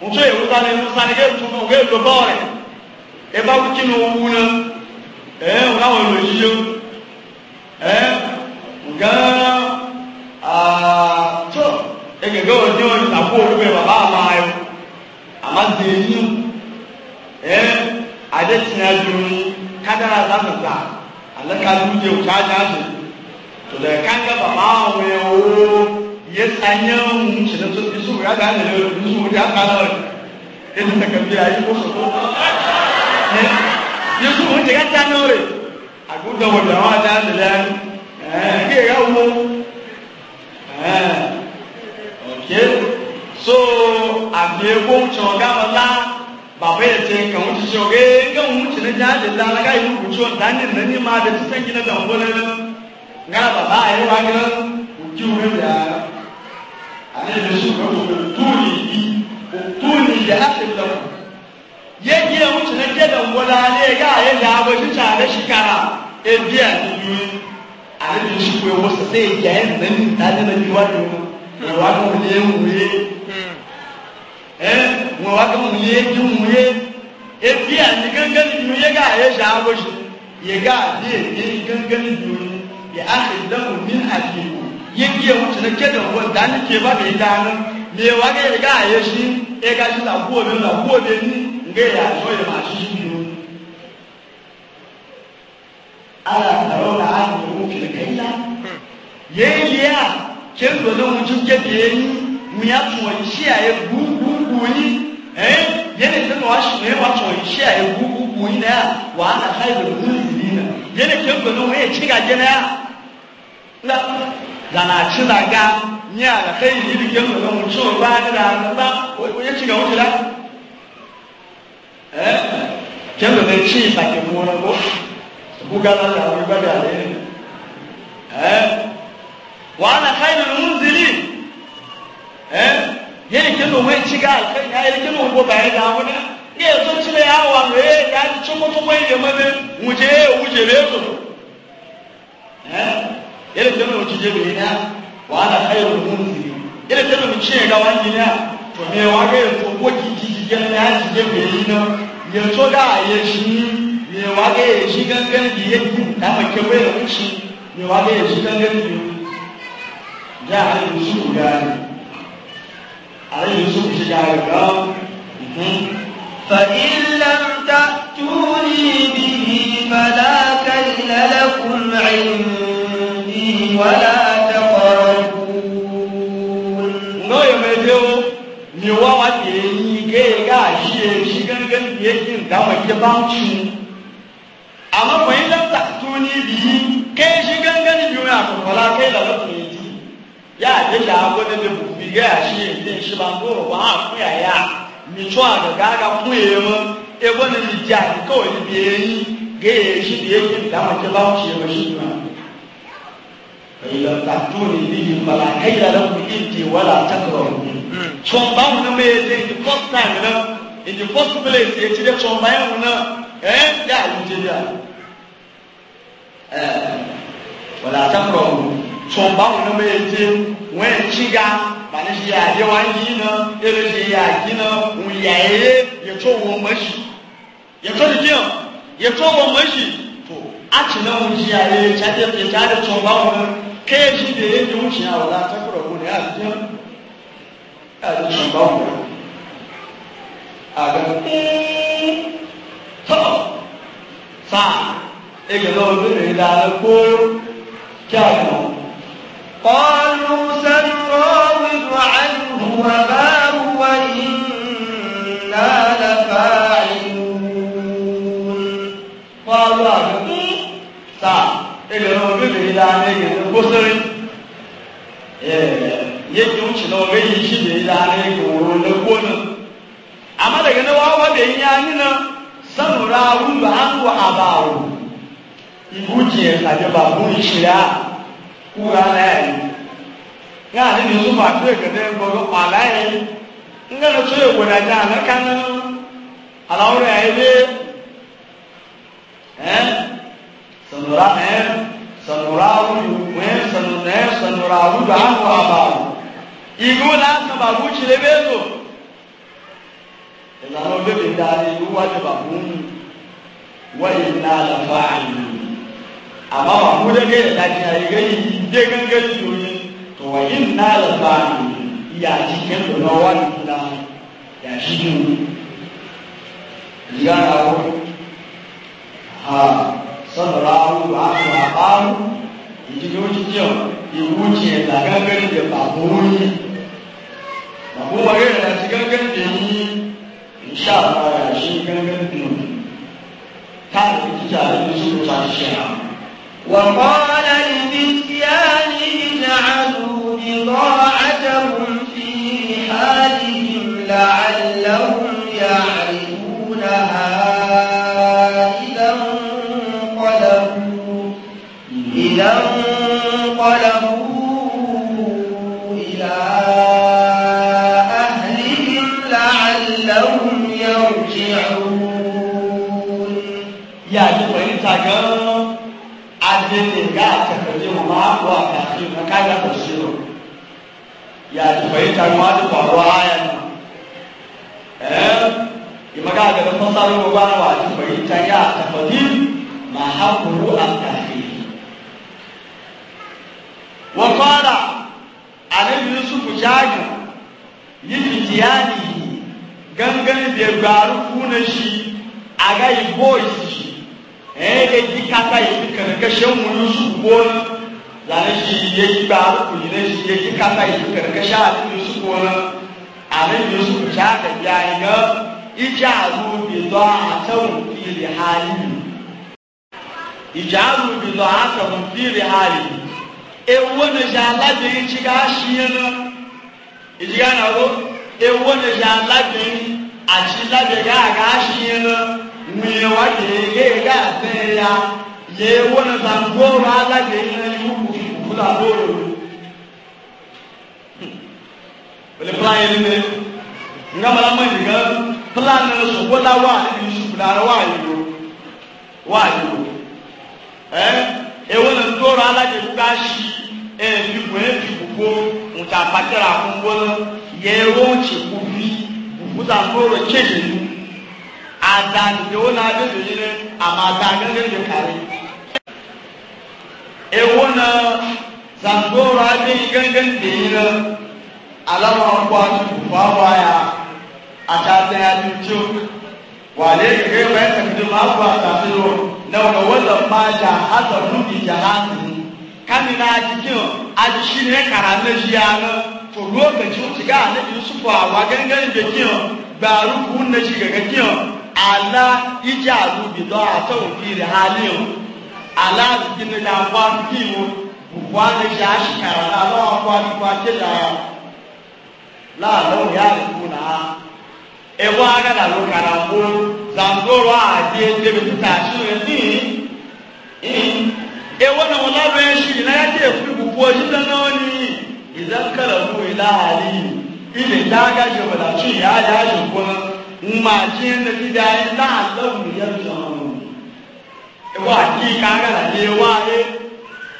muso ye wusale wusale ke E ba lobɔre eba kutsinu wu ne ɛɛ wòle awɔ lo yi ye ɛɛ gãã aa tso egege wo ne wo nako wo be baba ama yɛ ama de yi ɛɛ ade tia dunu kada la mɛta ale ka du ye o tsa tsa do to le kanga baba wo ye wo. yẹn anyam kyerɛsɛ nsu wura da na yɛrɛ nsu wura da ka lɔri yɛn tɛ kabi ayi ko sɔrɔ ɛ nsu wura tɛ ka ta n'ore agudu wɔ da wa da na yɛrɛ ɛɛ kí yɛ ka wo ɛɛ ok so abie ko tsɔ gama la baba yɛ tɛ kan o ti tsɔ ke ke ŋun kyerɛ dza de da la ka yi ŋun tsɔ da ne nani ma de ti sɛ ŋinɛ da ŋun bɔ ne la nga baba yɛ wa ŋinɛ o ti wuli ale le su ka wo to ni bi o to ni le ase la wo ye ye o tene je da wo la ale ga ye la wo ti ta le shi kara e bi a ni ju ale le su ko wo se ye ne ni ta ne ni wa do ne wa do ni e wo ye eh wo wa do ni e ju wo ye e a ni gangan ni ju ye ga ye ja wo shi ye ga bi e gangan ni ju ye akhidahu min hakimu yingiye wuce na keda wa da ni ke ba bai dano me wa ga ga ya shi e ga shi la ko ne la ko ne ni ga ya so ya ma shi ni ala taro da an mu ke kaila ye liya ke do da mu cin ke ye ni mu ya mu shi ya ye gu gu gu ni eh ye ne ta wa shi ne wa to shi ya ye gu gu gu ni na wa ana khairul mulzina ye ne ke do da mu ye ci ga je na la zana ci zaga ni a da kai yi dikin da kan mutu ba ni da ba ko ya ci ga wuce da eh kin da ci ta ke mu na ko buga da da ba da ne eh wa ana khairul munzili eh yene kin da mai ci ga alkai ya yi kin da ko ba ya da wani ya zo ci da yawa ne ya ci mutum mai da mana muje wuje ne ko eh yele tɛmɛ o jijɛ bɛ yina wa ala kayi o mun sigi yele tɛmɛ o tiɲɛ ka wani yina to mɛ wa ke to ko ki ki jijɛ na ya jijɛ bɛ yina yɛ to da yɛ si yɛ wa ke yɛ si gangan di yɛ du n'a ma kɛ wɛ yɛ kusi yɛ wa ke yɛ si gangan di ja ale yɛ su gaari ale yɛ su kusi gaari gaari فإن لم تأتوني به فلا كيل لكم عندي wala taqrabun ngoyo mejewo ni wa wa ke yi ke ga shi shi gangan yake da ma ke ba mu amma ko in lam tahtuni bihi ke shi gangan biyu na ko fala ke la la ku yi ya je da ko da bu bi ga shi e din shi ba ko ba ku ya ya mi cho ga ga ga ku ye mu e bo e ni ja ko ni bi e yi ge shi bi yake da ma ke ba mu shi ba shi ma idan tatuni bihi fala kayla lakum inti wala takrahuni chon ba mun me je in the first time na in the first place e ti de chon ba yan na eh ya yi je ya eh wala takrahuni chon ba mun me je wen chiga ba ni shi ya je wan yi na e le shi ya yi na un ya ye ye chon wo mo shi ye chon ji ye chon wo mo shi to a chi na un ji ya ye cha de cha de chon ba mun keji da ya ji wuce a wala ta kura gudu ya ji ya ji shan ba mu a ga to sa e ga lo bi ne da ko kya ko qalu sanrawid anhu wa baru wa inna la fa'ilun qalu sa e ga lo bi ne gosiri yake wuce na wani yi shi da ila ne ga wurin na gona amma daga na wawa da yi yani na sanura wun ba an wa abawo ibu ke kaje ba mun shira kura na yi ya ne ne su ba ce ga ne gogo alaye in ga na so ya gwada ta na kan alawura ya yi eh sanura eh sanurarudu wen sanune sanurarudu anu abaru igu na saba buci le bezo ìlànà bèbè dáadé wíwájú bàbú wáyé náà la fáàlì àmọ́ bàbú dẹ́gẹ́ ìdájí àyíké yìí dé gẹ́gẹ́ tí o yẹ tó wáyé náà la fáàlì ìyá àjíkẹ́ lọ́nà wà nígbà yà sí ju ìyá àwọn ha sọ́nà ráhùn láàrín àbáhùn ìdíje oúnjẹ ìwú jẹ ìdàgẹ́gẹ́ jẹ bàbá oyin bàbá wọlé rẹ̀ àti gẹ́gẹ́ jẹ yín iṣẹ́ àbára ṣe gẹ́gẹ́ jù káàkiri jíjà ló sì ta ṣe à. وقال للفتيان اجعلوا بضاعتهم في رحالهم لعلهم يعرفونها gan adele ga atẹ̀kọ̀dé wọn máa lọ àtàkì wọn ká yàtọ̀ sí lọ yàtọ̀ ìta wọn á ti pọ̀ lọ ayà nù ẹ ìmọ̀ká àgbẹ̀dẹ̀ fọ́sáré wọn wá wà àtẹ̀kọ̀ ìta yà àtẹ̀kọ̀dé màá ha kúrú àtàkì wọn kọ́ àdà àlejò yusufu jáàgì yìí tìyàní gangan bẹ̀rù àrùkù náà ṣì àgáyé bóyì ṣì ɛn ye yi kata yi ni kana kɛsɛ ŋunu sugbɔ na la ne si ye yi ba o yi ne si ye yi kata yi ni kana kɛsɛ ale ni sugbɔ na ale ni sugbɔ sa ka bia yi ŋa idza alu bi dɔ atɛwu fi li ha yi idza alu bi dɔ atɛwu fi li ha yi ewo ne de alabirin tsi ka si yɛ na idzi ka na ko ewo ne sa alabirin ati labirin ka ka si yɛ na mwenye wake gega teya ye wona zango wala de ina yuku kula bolo bele plan ne ngama la mwenye ga plan ne so bola wa ni su bla wa yo wa yo eh e wona ndoro ala de kuka shi e eh, bi mwe bi kuko eh, mutapatira kumbola ye wonchi kubi kuza ndoro cheje adanidze wo na adi do yi ne amadade ne yi kari ewo na zangoro adi yi gẹ́gẹ́ de yi ne alama kó ati kó awọ ya atate adi tso wale gẹ́gẹ́ bẹ tẹmẹtẹ ma kó atate wo na wòle wòle ma dza azɔ nubi dza ha ti kami na adi tso adi si ne kara ne zi ya ne fo lóò kẹtsi o ti ká ne ti sùpò awa gẹ́gẹ́ de tso gbàrú kú ne si gẹ́gẹ́ tso. ala iji alụ bido atọ ofiri ha liwu ala zitere na akwa iwu bụkwa n'ihi ashikara na ala ọkwa dịkwa keda ya laala ya alụkwu na ha ewu aga na lụkara mbụ zangoro a dị edebe tụta ashiri n'ihi ewu na wala bụ eshiri e na ya dị efu bụkwa ojite n'oni idan kala bụ ila hali ndị agha aga jebela chi ya ya jebela ma ji na bi da ya na lau mi ya zanu wa ki ka ga la ye wa ye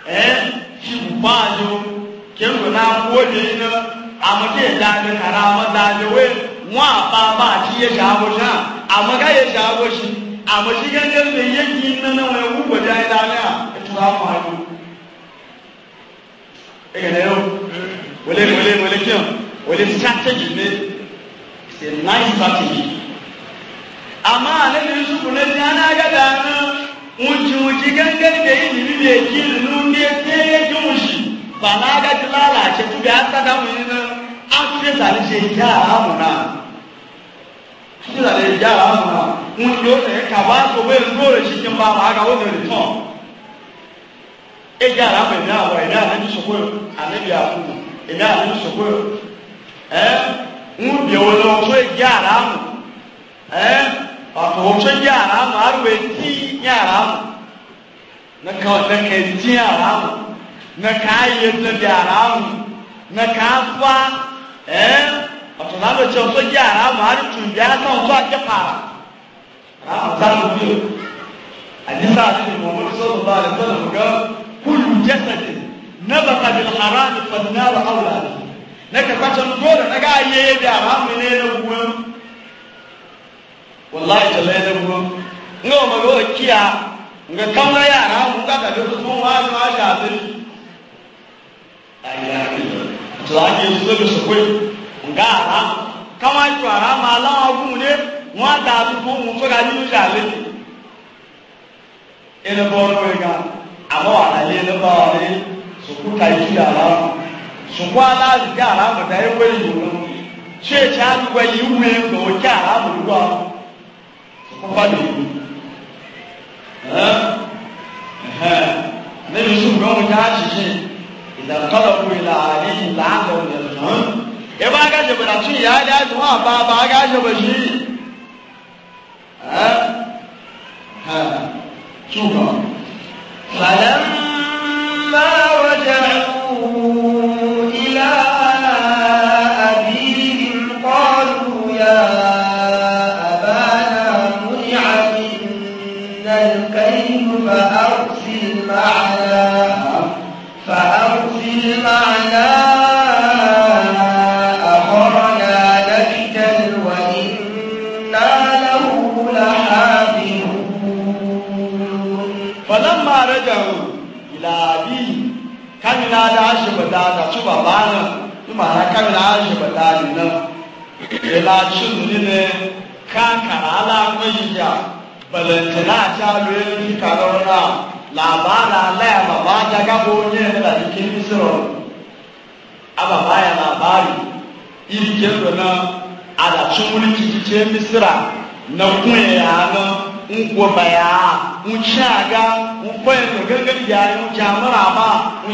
eh shi bu ba jo ke mu na ko de na amake da ne kara ma da ne we wa ba ba ji ye ga bo na amaka ye ga bo shi amashi ga ne me ye ki na na we wu ko da da ne a tu ba ma ju e ga ne yo wele wele wele kiyo wele sa ta ji nine thirty amma na ji ana ga dana wuji wuji gangan da yi ni ne ki nu ne te ji wuji ba na ga ji lalace tu ga ta da mu ni ja amu na ki da le ja amu na mun yo ka ba so be ro ba ba ga wo ne e ja ina ku ina ŋun bia wo lɔ wotso edzi aramu ɛ ɔtɔ wotso edzi aramu alo eti nye aramu ne ka ne ka eti aramu ne ka ayi ne bi aramu ne ka afa ɛ ɔtɔ na lo tse wotso edzi aramu alo tu bia ata wotso ake para aramu ta lo bi o adisa ati mo mo sɔrɔ ba ale sɔrɔ mo kulu jɛsɛ de ne ka di haram fa n'a la aw la na ka kwata no dole na ga ye da ba mu ne na guwa wallahi ta le na guwa ngo ma go kiya nga kamna ya na mu ga da do mu wa ma sha tin ayya to a ji su da su ko nga ha kama ju ara ma la ogun ne wa da du ko mu so ga ni sha le ene bo no ga amo ala le no ba ni su ku ta ji ara sùkọ́ aláàlùkẹ́ àràmùdá ewé ìlú ṣéèṣì àlùwẹ̀ yìí wú ẹgbẹ̀ òkè àràmùdúwà kọ́kọ́ lè wú. níbi sùn lọ́wọ́ ní àṣìṣe ìdàkọ́lọ̀kù ìlà àárín ìlà àlọ́ ìlànà. ebe agajọba na tún ìyá adé àti wọn àbá àbá agajọba yìí. túbọ̀. فلما رجعوا bada da tu baba na tu ma na kami na aje bada ni na ila chu ni ne ka ka ala mai ja balantana ta lo ni ka ro na la ba la la ba ba ja ga bo ne da dikin siro aba ba ya la ba ri iri ke ro na ada chu mulki ke misra na kunye ya na nkwo baya nkyɛn aga nkɔ yɛ gɛgɛgɛ biara nkyɛn amara aba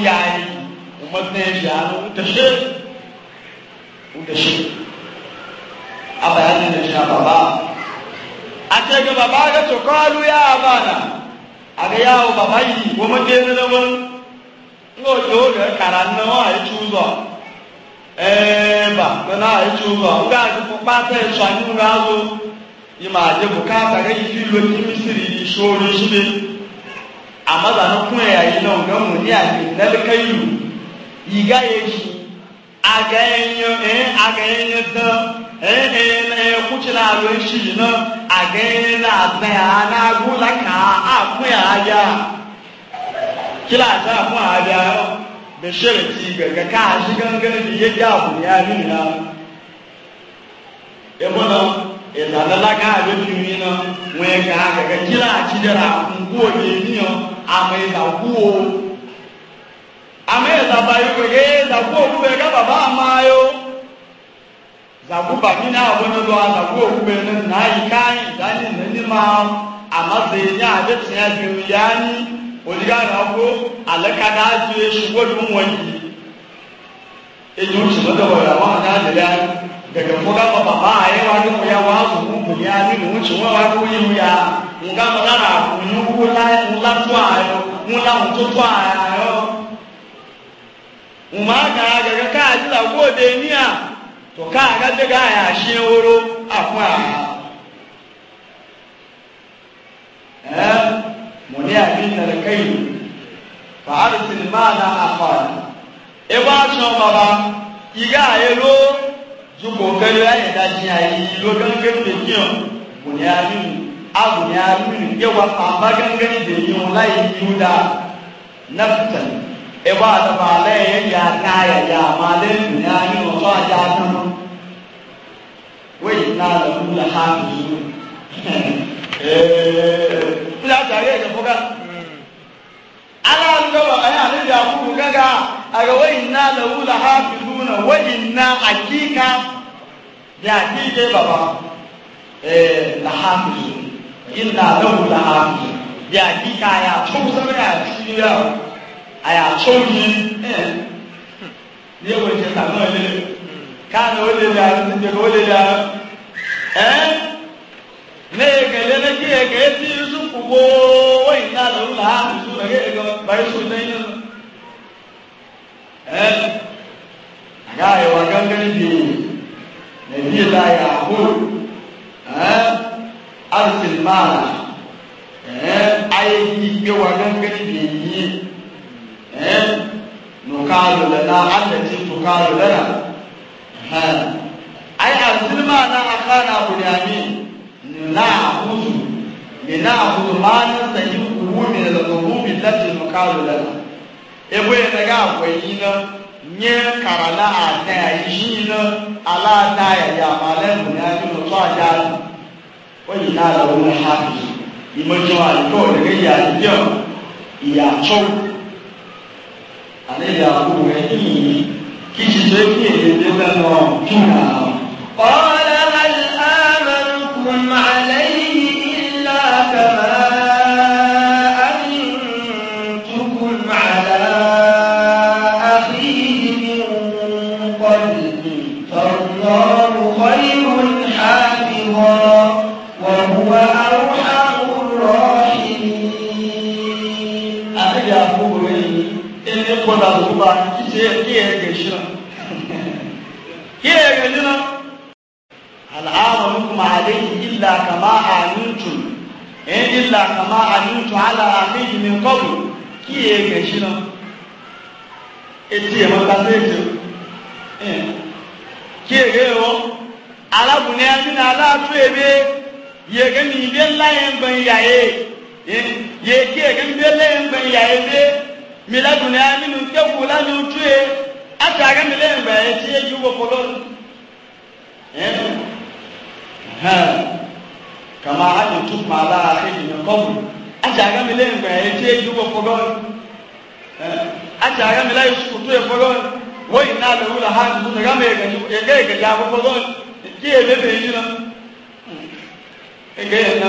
nyaanyi matsayin shi hannu o shi o shi a baiana da shi baba a ce ga baba ga to kwalu ya bana a ga yawo baba yi wa matsayin na wani ngo yo ga é na wa yi tuzo eh ba na na yi tuzo ga ku pa ta so anyu ga zo yi ma je bu ka ta ga yi lo ki misiri yi so ri shi be amma da na kun ya yi na ga mu ni a ni yiga ye shi aga enyo eh aga enyo da eh eh e, kuchi la lo shi na aga enyo na na ya na gu la ka a ku ya aja kila ta ku aja be shere ti ga ga ka shi gangan ni ye ja ku ya ni na e mo na e na la la ka be ti ni na we ka ga kila chi da ra ku o ni ni o a me da ku o ameza bayibwe zakuokube ga baba amayo zakuba mina abonelwa zakuokube nayikani zani nenima amazeni aje tinya juyani oligarako alakada ajuye shugoli mumwonyi eyi okimadawala wanadeleani gagamuga na aye walimuya wazumumuyani nuukiwa wakuyimuya mugamularakunyukulatwayo mulamutu twayo umarka gaga ka ji la ko de niya to ka ga de ga ya shi woro afwa eh muni abin da kai fa arsil mana afara e ba so baba iga ayelo ju ko kele ayi da ji ayi lo gangan de kiyo muni abin abu ni abin ye wa pa ba gangan de yi o lai yuda naftan ɛbɔ adaba alɛ yɛ dza ka ya dza ma lɛ dunya yi wɔ sɔ adza kan woyi na lɛ mu lɛ ha mi ɛɛ fúlẹ̀ àtàrí ɛdè fúkà ala ndɔbɔ ɛyɛ ale dza kuru kaka aga woyi na lɛ mu lɛ ha mi na woyi na akika dza akike baba ɛɛ lɛ ha mi ina lɛ mu lɛ ha mi dza akika yɛ a tó sɛbɛn yɛ a ti yɛ àyàtọ̀ mi ẹ̀ ní ewu ìjẹta náà lé káàdì ó lé la ìjẹta ó lé la ẹ̀ ní èkèlè ní kí èkè tí yusuf wo wọ́n ìta lòun là á tùtù lẹ́yìn ẹ̀kọ́ báyìí sùn lẹ́yìn ẹ̀ àyà ìwà gángan dì nàbí ìlà yàgò ẹ̀ arìsìmáà ẹ̀ ayé yìí gbé wà gángan dì yìí nukalu lana allati tukalu lana ai azlima na akana bunyamin na'khudhu lina'khudhu ma nastahiquhu min al-dhunubi allati nukalu lana ebe daga akwai na nye karana ata ya yi na ala ata ya ya ma lẹ́nu ní ajo lọ tó ajá lọ wọ́n yìí náà lọ́wọ́ ní hapi ìmọ̀jọ́ àdúgbò rẹ̀ yà á yọ̀ ìyà tó ale ya ko wɛ ii kisi tɛ kii ye ne bɛ nɔ tuna. kɔɔla hali amadu kun alayhi illa kama. فالله خير حافظا وهو أرحم ko da su ba ki ce ki ya ga shi ki ya ga ni al'amaru kuma alayhi illa kama amintu in illa kama amintu ala akhihi min qabl ki ga shi na eti e ma ta se ga yo alabunya min ala tu ebe ye ga ni be la yen ban yaye ye ki ga ni be yen ban yaye mila dunuya minnu tɛ kula ni tu ye a aga mi mila in bɛɛ ti ye ju bɔ fɔlɔ ɛn hɛn kama a ti tu kuma la a ti aga mi a ta ka mila in bɛɛ ti ye ju bɔ fɔlɔ ɛn a ta ka mila sukutu ye fɔlɔ wo in na lewu la ha tuntun ka mɛ ɛgɛ ɛgɛ ja ko fɔlɔ ti ye bɛ bɛ yi na ɛgɛ yɛ na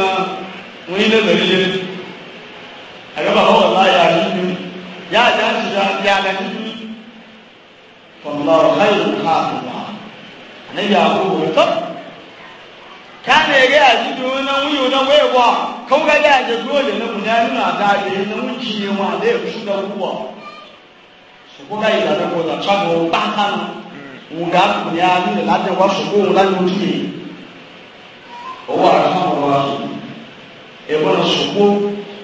ŋun yi ne lori ye a ka ba fɔ wala y'a yi yá àjà ń ṣiṣẹ́ àti àgbà tuntun fọlọ́rọ̀ káyọ̀ ká àbúrò ànábì àbúrò tọ́ kana ga yaji dole nan wuyo nan waye ba kau ga da yaji dole na mu dani na da ne na mun ci ne ma da su da kuwa su ko ga ila da ko da chago ba kan mu ga ku ya ni da da wa su ko la mu ci o wa rahmanu wa e ba su ko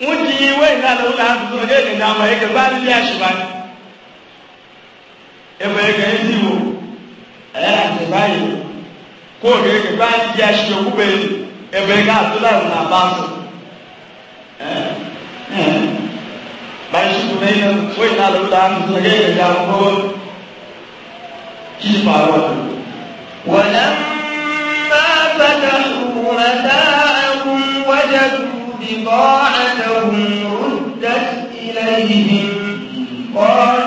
ŋutsi woyin na le wula tutu ne le na ma yi ke ba li asiba ni ebe yi ke edi wo ɛyɛ ati ba yi ko ke ke ba li asiba ku be yi yi ke atu la wula ba so ɛɛ ba yi tutu yi na woyin na le wula tutu le na ko kisi ba wa tu. ولما فتحوا متاعهم وجدوا بضاعتهم ردت إليهم قال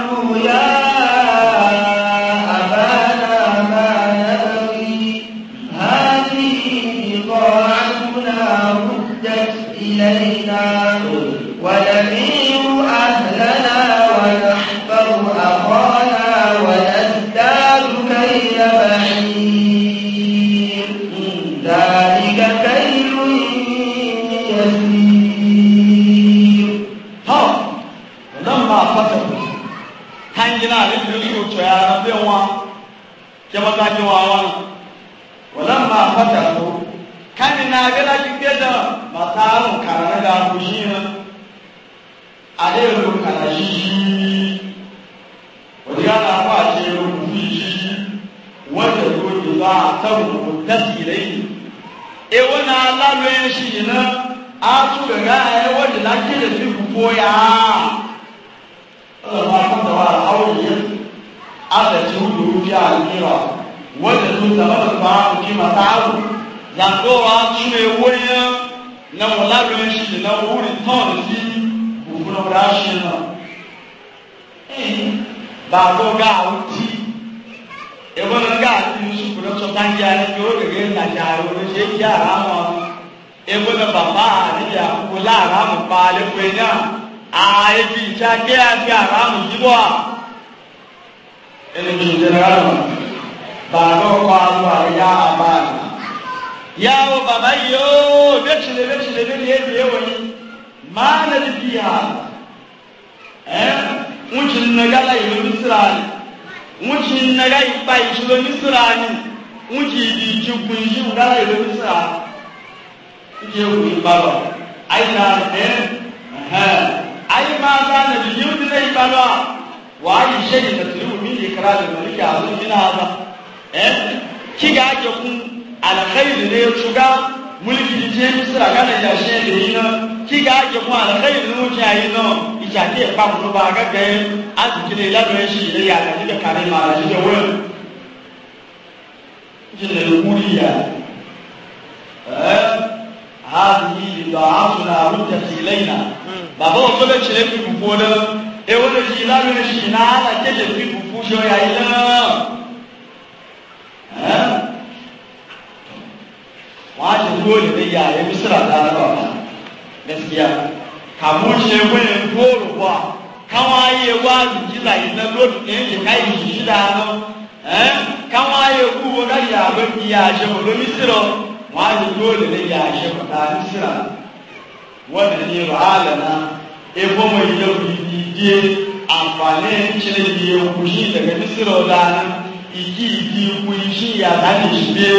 ki kunshi ya ta ki be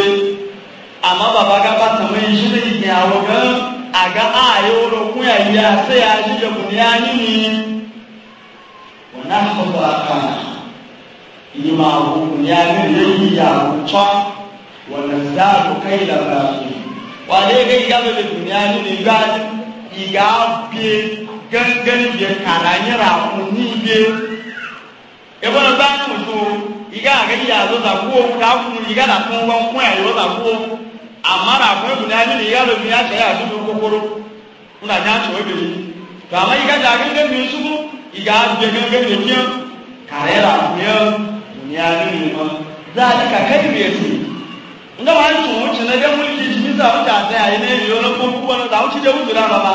amma baba ga ba ta mai shi ne ya waga aga ayo ro kun ya ya se ya ji ya kun ya ni ni wana ko ba ka ni ma ku ya ni ne yi ya ku cha wala za ku kai la ba wa ne ga ya be kun ya ni ni ga iga bi gangan bi karanya ra kun ni be e bona ba mu to iga agaiya loza kuo kakunu iga da fún wọn kún ẹ loza kuo amara fún ebu náà nínú iga lomi àṣẹ yà dúdú kókóró ńlá ní àṣọ ebi yìí tó àmọ́ iga dà gẹ́gẹ́ mi sùkú iga gbẹ gẹ́gẹ́ mi fiẹ kàrẹ là fiẹ ní àná nínú mọ záàlì kàkẹ́ ìbí èsì ndé wàá tún wọn tún ẹgbẹ́ wọn kì í ti níta wọn tà sẹ àyè náà yìí wọn kó kú wọn tà wọn ti dé wọn tura lọba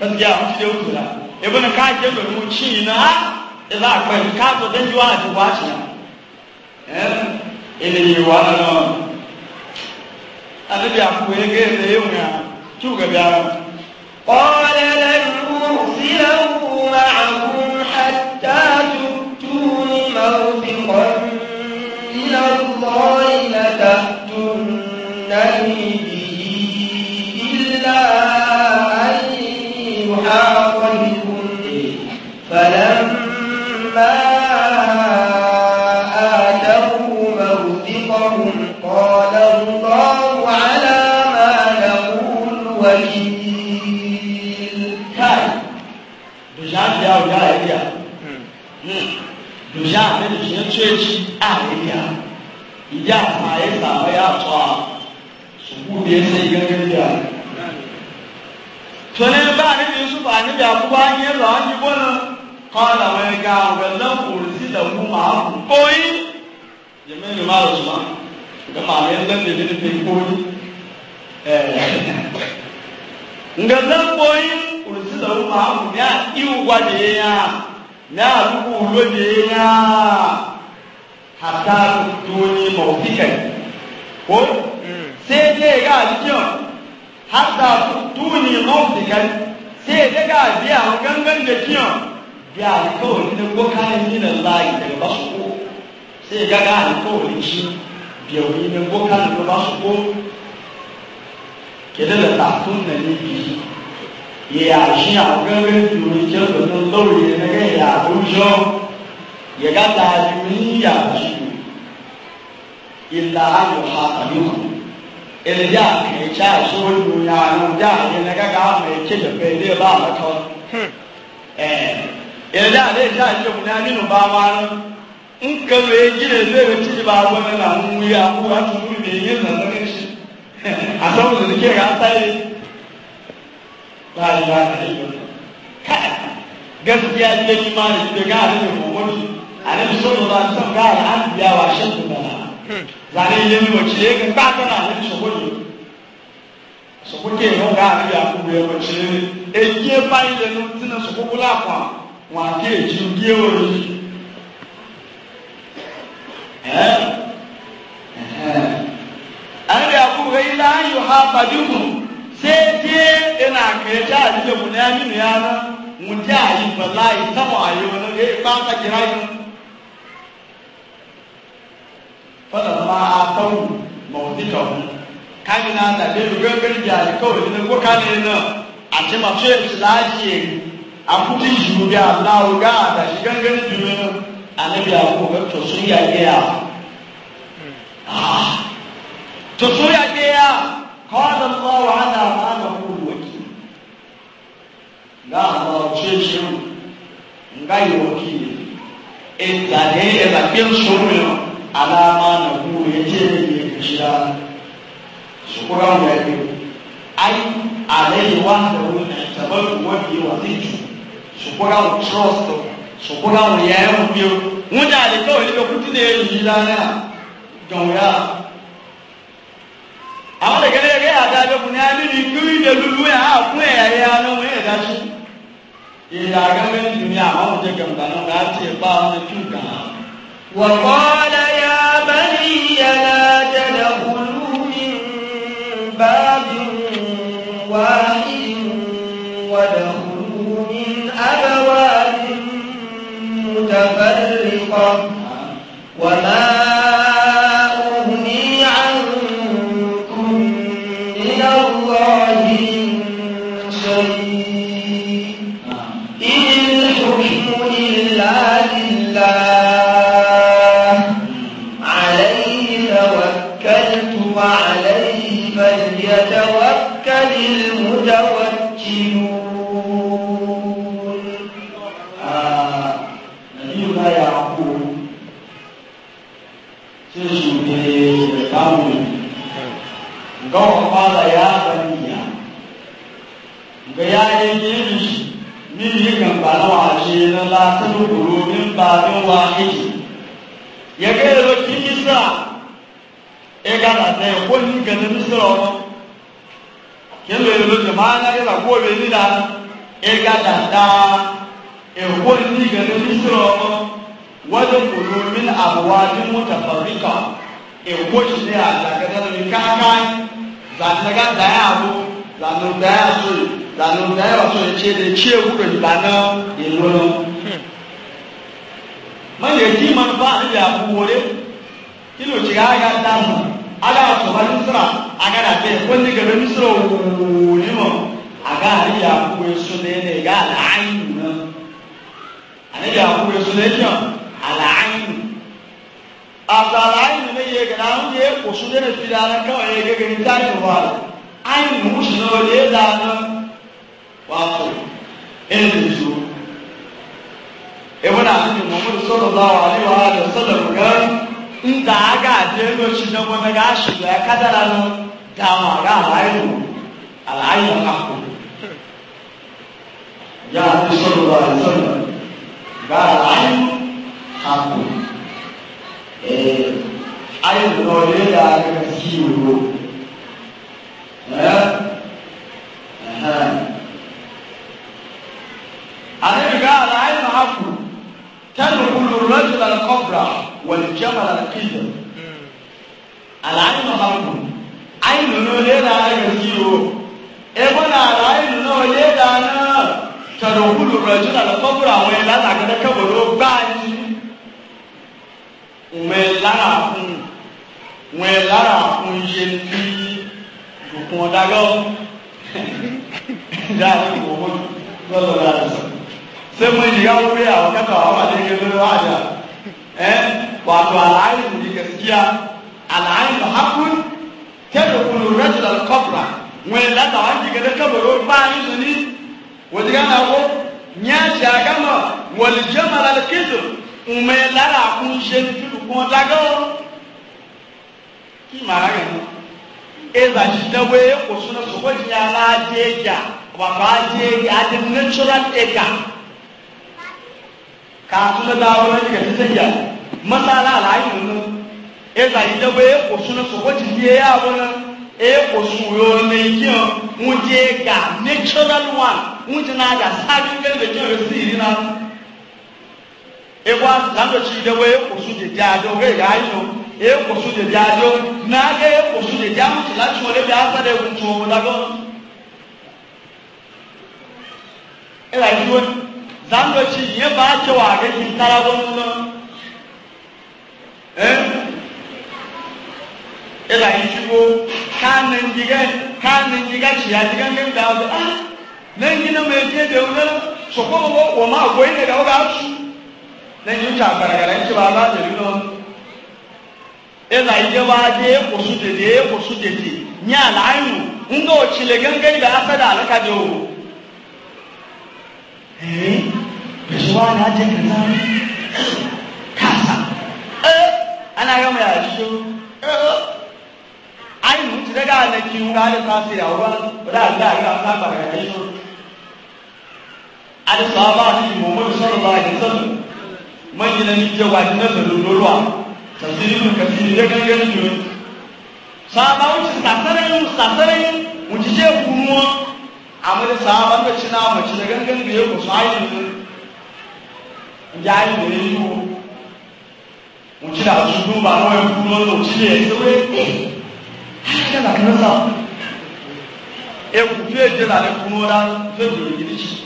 lọsí yà wọn ti dé wọn tura ebi ní káàkiri lòdì wọn kyi yìí náà ẹ bá a pẹ káàkiri lòdì wọn àti wọn àti yàrá. ilimi wa قال لن أرسله معكم حتى تؤتون موثقا من الله لتأتونني به إلا أن يحاط بكم فلما nye tso ekyi a yɛnya yɛ afa yɛ sa ɔyɛ atɔ a sukuu bi ɛsɛ yi gɛgɛ bi a tɔne ba ne bi nso ba ne bi akokɔ anyi ɛlɔ anyi bɔ no kɔɔla wɔn ga wɛlɛ wòlisi lɛ wu ma kpoi yɛmɛ ne ma lɔsuma ne ma ne lɛ ne ne pe kpoi ɛɛ nga lɛ kpoi wòlisi lɛ wu ma kpoi a iwu gba de ya na abubu lóde ya hata duni maufikan ko sai dai ga jikin hata duni maufikan sai dai ga biya gangan da kiyon biya alkawari na gokanin minan layi daga basu ko sai ga ga alkawari shi biyauni na gokanin na basu ko kedan da tafin na ne biyu yashi a gangan turi can da sun lauye na gan ya tusho ya ga tajimi yashi illa ayo ha kalima ilja kai cha so dunya no ja ne na ga ga mai ce da bai ne ba ma to eh ilja ne cha ce mun ni no ba ma no in ka me gire ne ba ci ba ba na mu ya ku ha tu ne ne na ne a san da ke ga sai la ilaha illallah kai gaskiya ne imani da ga ne muhammadu annabi sallallahu alaihi wasallam ga al'anbiya wa shaddu bala zane ne mu ce ga ba ta na ne shogoli sokoke ho ga ari akubu ya bace eje bai le no tina sokokula kwa wa ke ji ge ori eh eh ari akubu ga ila yuhabadum sai dai ina kai mu na minu ya na mu ta yi wallahi sama ayo na ga ba ka kira yi fada ma atau mawdika hu kamina da be gangan jari kawai ne ko kane na a ce ma ce laji a kuti shi ga Allah ga da shi gangan jiri annabi ya ko ga to sun ya ya ah to sun ya ya قال الله على ما نقول وكيل nga Allah ṣeéṣeun nga yọ wọkìlì ìgbàdé ẹ̀bà pé ń sọ̀rọ̀ yọ aláàmà nàkú ẹjẹ́ ẹ̀yẹ ìṣẹ́ra ṣùkúrọ̀ wọ̀ ẹ̀yọ ayé alẹ́ yìí wà lọ́wọ́ ẹ̀jẹ̀bọ̀ wọ́n yìí wà sí jù ṣùkúrọ̀ wọ̀ trọ́st ṣùkúrọ̀ wọ̀ yẹ ẹ̀rù bí o wọ́n dà lè kọ́ ìlú ẹ̀kú tí lè yí lánàá gàwé à àwọn lẹkẹlẹ yẹ kẹ adájọ kùnú yà níbi kúrú ìdẹlúlu yà á fún ẹyà yà ló wọn yẹ dájú ìyá gẹmẹ nìyí àwọn ọmọdé gẹmùtà náà ká tiẹ bá wọn tún kàn án. وقال يا بني لا تدخلوا من باب واحد وادخلوا من أبواب متفرقة وما gawa fara ya baniya ga yayin gini min yi gambana wa ce na latin guru min babin wa iji ya ga yi rokin isa ya gana ta yi kwanin ganin misira wani kin lo yi rokin ma na yana gobe ni da ya gana ta ya zanu ga daya abu zanu daya so zanu daya so ce da ce wuro da bana yelo man ya ji man ba an ya bu wore kilo ci ga ga ta mu ala so ba nisra aga da be ko ni ga da nisra ni mo aga ya bu so ne ne ga la'ayin na ana ya bu so ne ki ala ayin azala ainu ne ye gana an ye kusu ne fi da na kawai ye gani ta ni ba ainu musu na wale da na wato in su e wani abin muhammadu sallallahu alaihi wa alihi wasallam ga inda aga adelo shi na wani ga shi ya kadara na dama ga alainu alainu haku ya sallallahu alaihi wasallam ga alainu haku ayi nɔɔle la yi wo ale bi ka ala ayi ma ku tɛnu kulu rɔdu la kɔbra wali jama la kiri ala ayi ma ku ayi nɔɔle la yi wo ebo na ala ayi nɔɔle la na tɛnu kulu rɔdu la kɔbra wali la na kɛnɛ kɛbolo gbaa ŋmɛ lara fún ŋmɛ lara fún iye ní dùkún ọ̀dàgọ́ dáàbò ìwòwò lọ́dọ̀ dáàbò ṣé mo yìí yáwó pé àwọn kẹta àwọn àti ẹgbẹ́ lọ́wọ́ àjà ẹ wàtò àlàyé ní kẹsíkíà àlàyé lọ hákún kẹlẹ kún ló rẹ jùlọ kọfra ŋmɛ lata wà jì kẹlẹ kẹbẹrẹ ó bá yín sùn ní wòtí ká náà wọ nyẹ́ àti àgámọ̀ wọ̀lì jẹ́ màlá kéjò ume lara kun jeni tudu kun dago ki mara ya no eza jina we ko suna so ko jina la jeja wa ba je ya de natural ega ka suna da wa ni ka tsaya masala la yi no eza jina we ko suna so ko jina ya wa e ko su yo ne ki o mu je ga natural one mu na ewa lando tsi ɖe wo ekosu dzedze aɖewo he ya yino ekosu dzedze aɖewo nage ekosu dzedze aŋuti e la tso ɖe bi aƒe ɖe ŋutsuwo wo la gbɔ ela yi wo zando tsi yie ba tse wa ɖe yi ta la gbɔ nu lɔ ɛ ela yi tsi wo kane ŋdigɛ kane ŋdigɛ tsi adigɛ ŋgɛ ŋgɛ awo ah ne ŋdina me ŋdie ɖewo lɛ sɔkpɔ wo ma wo yi ne ɖewo ba tu lẹ́yìn tí àgbàràgàrà ń tíba aláàjẹ̀lú náà ẹ̀là ìjọba adé èkòsù dèdè èkòsù dèdè ní àlàáyù ńgá òtsilẹ̀ gẹ́gẹ́ níbi asẹ́dà kasa. o. ẹ̀ẹ́ bẹ̀sẹ̀ wá ní ajẹ́ kẹta kàtà ẹ̀ anáyọ̀ mi àṣìṣe ẹ̀ ayù ti dẹ́gà àlẹ́kì ńgá àlẹ́kà sí àwọn ọ̀dà àgbà àgbà àgbàràgàrà yìí. àdìsọ́ abáàdì mọ̀mọ́dé sọ̀rọ̀ bá àdìsọ́ mi manyan ni je wa na da lololwa tafsirin ka fi da kan gan ni sahaba wuce sasarai sasarai wuce je gumo amma da sahaba da cina mace da gangan da yau su ayi ne ya yi da yi ko wuce da su duba na wani gumo da wuce ne ya tsaye eh haka da kan sa e ku fiye da na gumo da fiye da gidici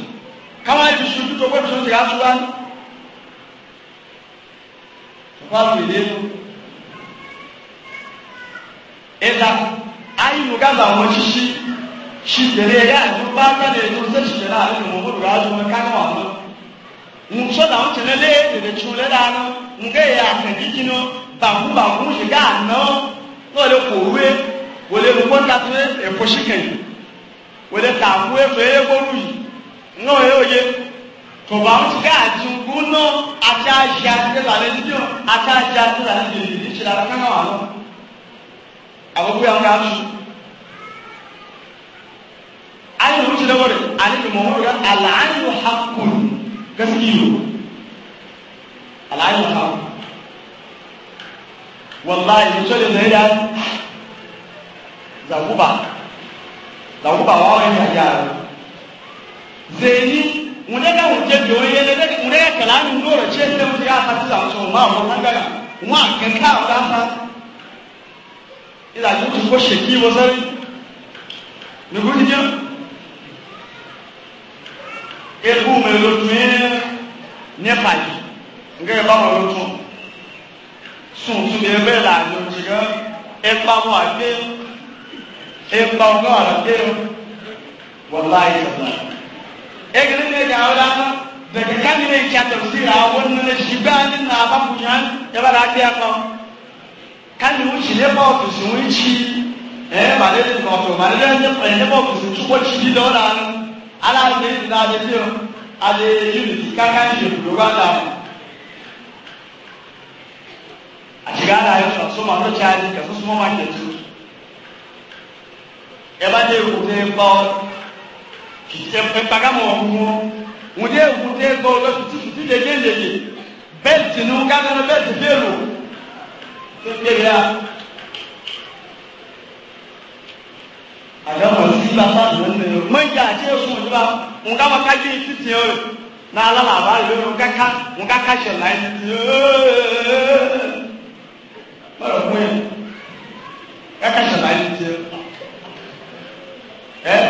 káwá ti ṣubú tó gbọ́dọ̀ tó ti aṣọ wáyé tọ́pá fèlè mú ẹ̀dá ayélu gábà wọn ṣíṣí ṣìṣẹ̀lẹ̀ ẹ̀yà ìlú bá gbẹ́lẹ̀ ètò ṣe ṣìṣẹ̀lẹ̀ àlejò wọn bọ̀dọ̀ wájú wọn káwọn àwọn ń sọ́dà ń tẹ̀lé lé èdè tù lẹ́dà nù ń gé ẹ̀yà àkàndíjì nù bàbú bàbú ṣe gá àná náà lè kò wé wòlé lóko ta tó ẹ̀kọ́ ṣìkẹ̀yìn wòlé tààkú ẹ̀fọ́ ẹ̀yẹ́gbọ́rú yìí ŋɔ yɛ oye kɔba ŋuti ka adugu nɔ ati azi ati la lɛ nidjɔ ati azi ati la lɛ nidjɔ ni tsi la la kanga wa lɔ agogo ya ŋu ka su ayi ŋu tsi lɛ wɔ de ale ni mɔmɔ yɛ ala ha kulu gɛsigi yi o ala ayi wɔ ha kulu walayi muso de lɛ ya zakuba zakuba wa wɔ yɛ ya zeni wune ga wuje jo ye ne ne wune ga kala ni no ro che ne wuje ha ta so ma mo na ga wa ke ka wa ta ila ju ko she ki wo sai ne ku ni ja e ku me lo me ne pa ji nge ba mo lo tun sun sun be be la ju ji ga e pa mo a pe e pa mo a pe wallahi egere ne ga awla mu daga kan ne kya tafsira wannan ne shi ba ni na ba mu yan ya e ba da kiya ko kan ni wuci ne ba ku su wuci eh ba ne ko to ba ne ne ne ba ku su ci ko ci ala ne da de ti o ale yuni ka kan ji do ba da a ci ga da yo so no cha ni ka so ma ma ke tu e de ku ne ba mpagamɔ ŋu ŋudie ŋudie gbɔ lɛ tutu tutu le le le le bɛnti nu gana nu bɛnti bɛlu tɛtɛ ya àgbà wọn ti bá bá lọ nínú yẹn mọ̀nyá àti ẹ̀fọn ọ̀dọ́ bá wọn ká wọn ká yé títì ẹ̀ rẹ̀ náà alára àbá rẹ̀ wọn ká ká wọn ká ká ṣẹ̀ láì títì ẹ̀ bọ́lá fún yẹn ká ká ṣẹ̀ láì títì ẹ̀ ẹ̀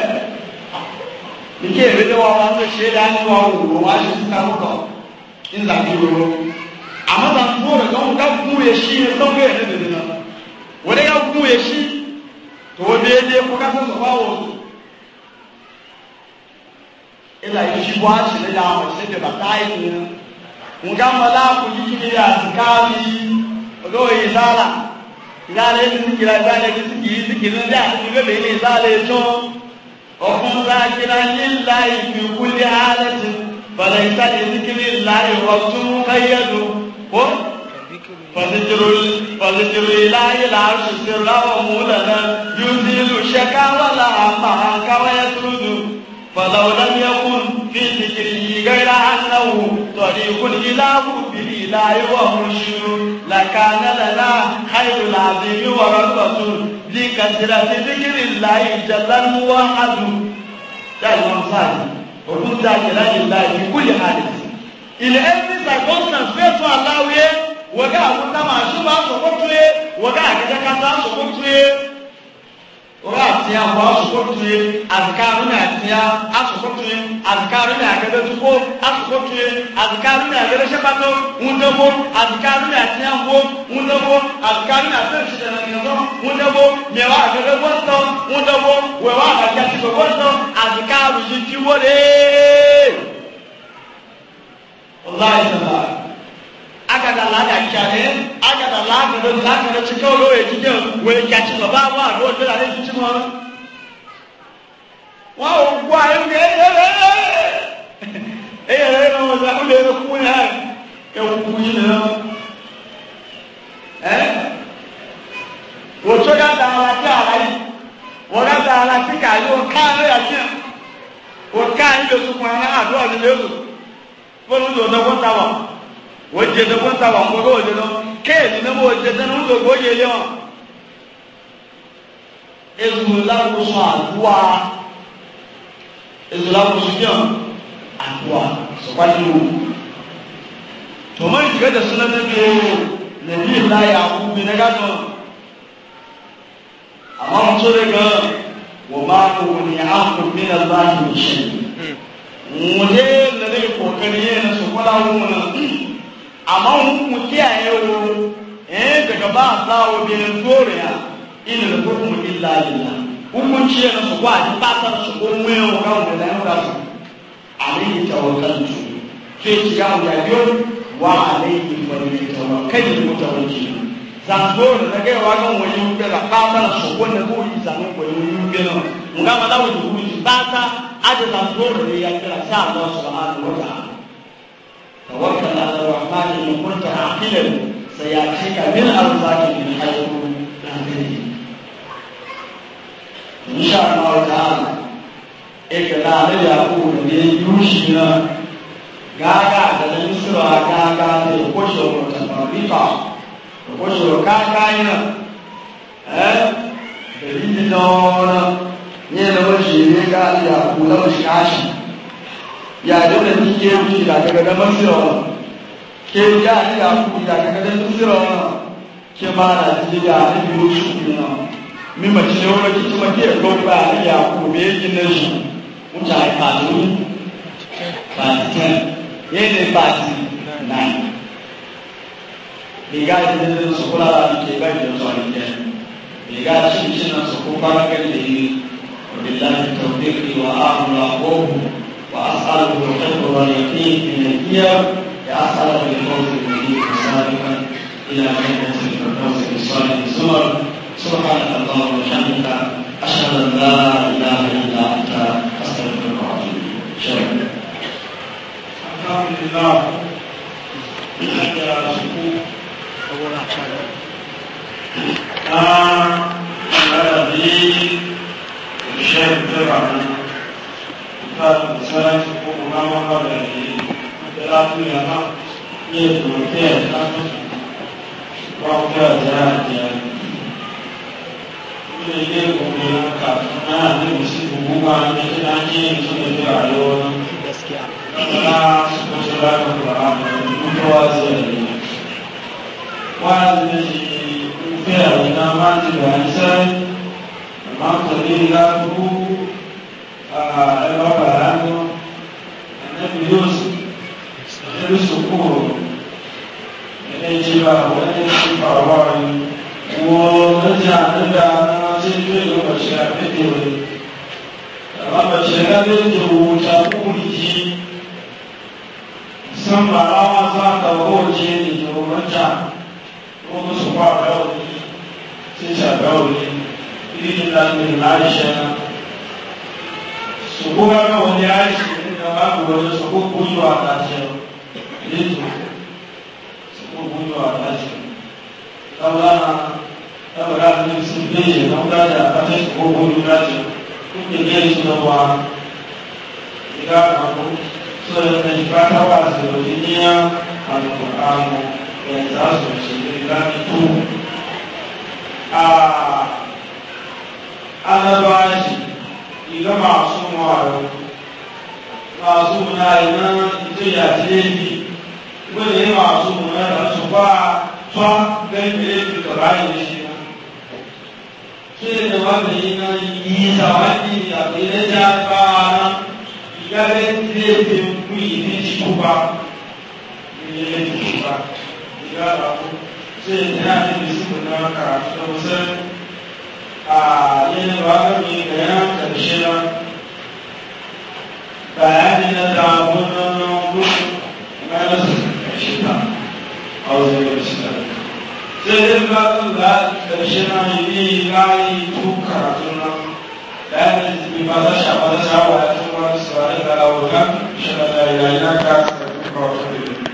nke ebede wa wa ndo ṣe da ni wa wo wa ṣe ti kanu kọ nza bi wo amata nkuro rẹ kàn ká kú yẹ ṣi yẹ sọ́kù yẹ ne dede na wọ́n dẹ́ ká kú yẹ ṣi tó o déédéé kó ká sọ̀tọ̀ wá wọ̀ so ila yi ṣi wá ṣe ne da àwọn ṣe ne bàtà yìí ni nga mọ̀lá kò yí kí ni yà ká mi ọ̀dọ́ yìí sára nga lè ní sikiri àgbà lè ní sikiri sikiri ní bí a ti fi bẹ́ẹ̀ bẹ́ẹ̀ ní sára lè tún. وكن ذاكرا لله في كل حالة فليس لذكر الله وقت مقيد فذكر فذكر الله العرش سرا ومولنا يزيل الشكا ولا عمها كما يسرد فلو لم يكن في ذكره غير أنه طريق إلى قربه لا ومنشر لكان لنا خير العظيم ورغبة لكثرة ذكر الله جل الموحد ده المنصار وكل ذاكرة لله في كل حال العلم circumstance فيتو الله ويه وقع كنت مع شبه سقطوه وقع كذا كذا سقطوه wọ́n àti àwọn asòkòtúye àzikáàrú ní àtìyá asòkòtúye àzikáàrú ní àgẹ́dẹ́tukó asòkòtúye àzikáàrú ní àgẹ́dẹ́sẹ́pàtó ńdẹ́gbó àzikáàrú ní àtìyá ńgbó ńdẹ́gbó àzikáàrú ní àtẹ̀síṣẹ̀lẹ̀mìnàtọ́ ńdẹ́gbó mẹ̀wá àgẹ́dẹ́gbó tọ́ ńdẹ́gbó wẹ̀wá àgẹ́dẹ́gbó tọ́ àzikáàrú yìí ti wọlé. ọ̀la ìṣẹ̀lẹ̀ agada lada kyare agada laga lo laga lo ti kawo lo eji de we ja ti so ba wa lo de la le ti mo wa o gwa e nge e e e e e, e, e no za ku le ku ya e wo ku ni na eh wo cho ga da la ti ala yi wo ga da la ti ka yo ka le ya ti wo ka ni lo su ku na adu adu le su wo lu lo na wo ta wa wo jẹjẹ kó ta wà ń gbogbo òjò lọ kéèlì náà wo jẹjẹ ní wúlò kó yẹlẹ wọn. ezu lakoso àdúrà ezu lakoso yẹn àdúrà sọpájú wò tòmọ́ ìjìká jẹ sọ́nà níbi lẹ́bí ìláyà kú mi nígbà tó àwọn tó lè gan wọ́n máa kó wọn ní àwọn mi náà bá yìí ṣe. wọ́n lé lẹ́lẹ́ ìfọ̀kẹ́ni yẹn sọ́kọ́lá wọn amma hukumu kiyaye wo eh daga ba a sawo biyan zoriya ina da hukumu illa lillah hukunci ya nasu kwa ji fatar su ko muyan wuka da na yau su alayhi tawakkaltu sai ki ga mu yabiyo wa alayhi tawakkaltu mutawakkilu zangoro na ga wa gan wani yuke la fatar su ko ne ko yi zanu ko yi yuke na nga ma dawo ku ji fata ada zangoro ne ya kira sha Allah subhanahu wa ta'ala tawakkal حال إن كنت عاقلا سيأتيك من أرزاق من حيث لا تدري إن شاء الله تعالى إكلا ليقول من يوشنا gaga da na misira gaga da ya kwashe wata fabrika ya kwashe wa kakanya eh da rinji na wani ne na mashi ne ga ya kula mashi kashi ya dole ni ke wuce da daga da masira wani ke ya ni ka ku ya ka kada tu zira wa ke ma na ji ya ni bi wo su ni na mi ma ci wo ki ma ke ko ba ni ya ku be ji na ji mu ta ka du ba ta ye ne ba ti na ni ga ji ne su kula ke ga ji so ni ke ni ga ci ci na su ku ba ga ni وبالله التوفيق وآمر أخوه وأسأله الحفظ واليقين من الديار تأخر في الموت الجديد سابقا إلى جنة الفردوس بصالح الزمر سبحانك اللهم وبحمدك أشهد أن لا إله إلا أنت أستغفرك وأتوب إليك. الحمد لله. الحمد لله. الذي يشهد عن قال سلام حقوقنا وقال lábúlé àmá ní ètò bẹ́ẹ̀ lábẹ́ wọn gbé ọ̀dà àjẹ́ ní ilé ìwòye ọkà náà ní òsì gbogbo wa ní ìlà ní ìtúndínlẹ̀ àlọ́ ọ̀nà ọ̀ṣọ́lá ọ̀gbà ọ̀gbà wáṣẹ̀ ẹ̀yìn wáṣẹ̀ ìfẹ́ àyíká máa ti gbà ń sẹ́ máa ń tẹ̀lé ìlà gbogbo ẹ̀rọ bàrà. lóṣùkúrò ẹ̀ẹ́dẹ́gbà ẹ̀ẹ́dẹ́gbà wáyé wọ́n lọ́jà nígbà tí ó lè wọ̀ṣẹ́ àpẹ́tẹ̀ rẹ̀ àbàṣẹ́ lábẹ́jọ owó takúrì jí sánmà láwọn sáàkàwọ́ jẹ́ ìjọba lọ́jà wọ́n tó sọ̀kọ́ àbẹ́wò ní tí ìṣàbẹ́wò ní ilé ìlànà náà sọ̀kọ́ bá bẹ́wò ní àìsí nígbà bá gbọ́dọ̀ sọ̀kọ́ kúrò àtàṣẹ́ rẹ̀ muito lezo sako gudu a tashi tabara tabara ne su lezo na wuta da a tashi ko gudu tashi kuke lezo na wa ika kako so da ta shi fata wa a sirori ne ya alƙur'anu ya za su shi ne tu a annabawa shi o masu mawaro masu munayi nan ita ya ce ne wanda ya masu nuna da su ba fa gan da ya fi kaba ya shi na sai da wanda yi na yi sawaki da bai da ya ba na ya ga ya fi ku yi ne shi ku ba ne ya fi shi ba ya ga ku sai da ya fi su na karatu da wasan a yana sai ba su da ƙarshen ayyuki rayu ko karatu na ɗaya da ba za sha ba za sha wa ya tuma su ba da dawo kan shi da ya yi naka da kuma wata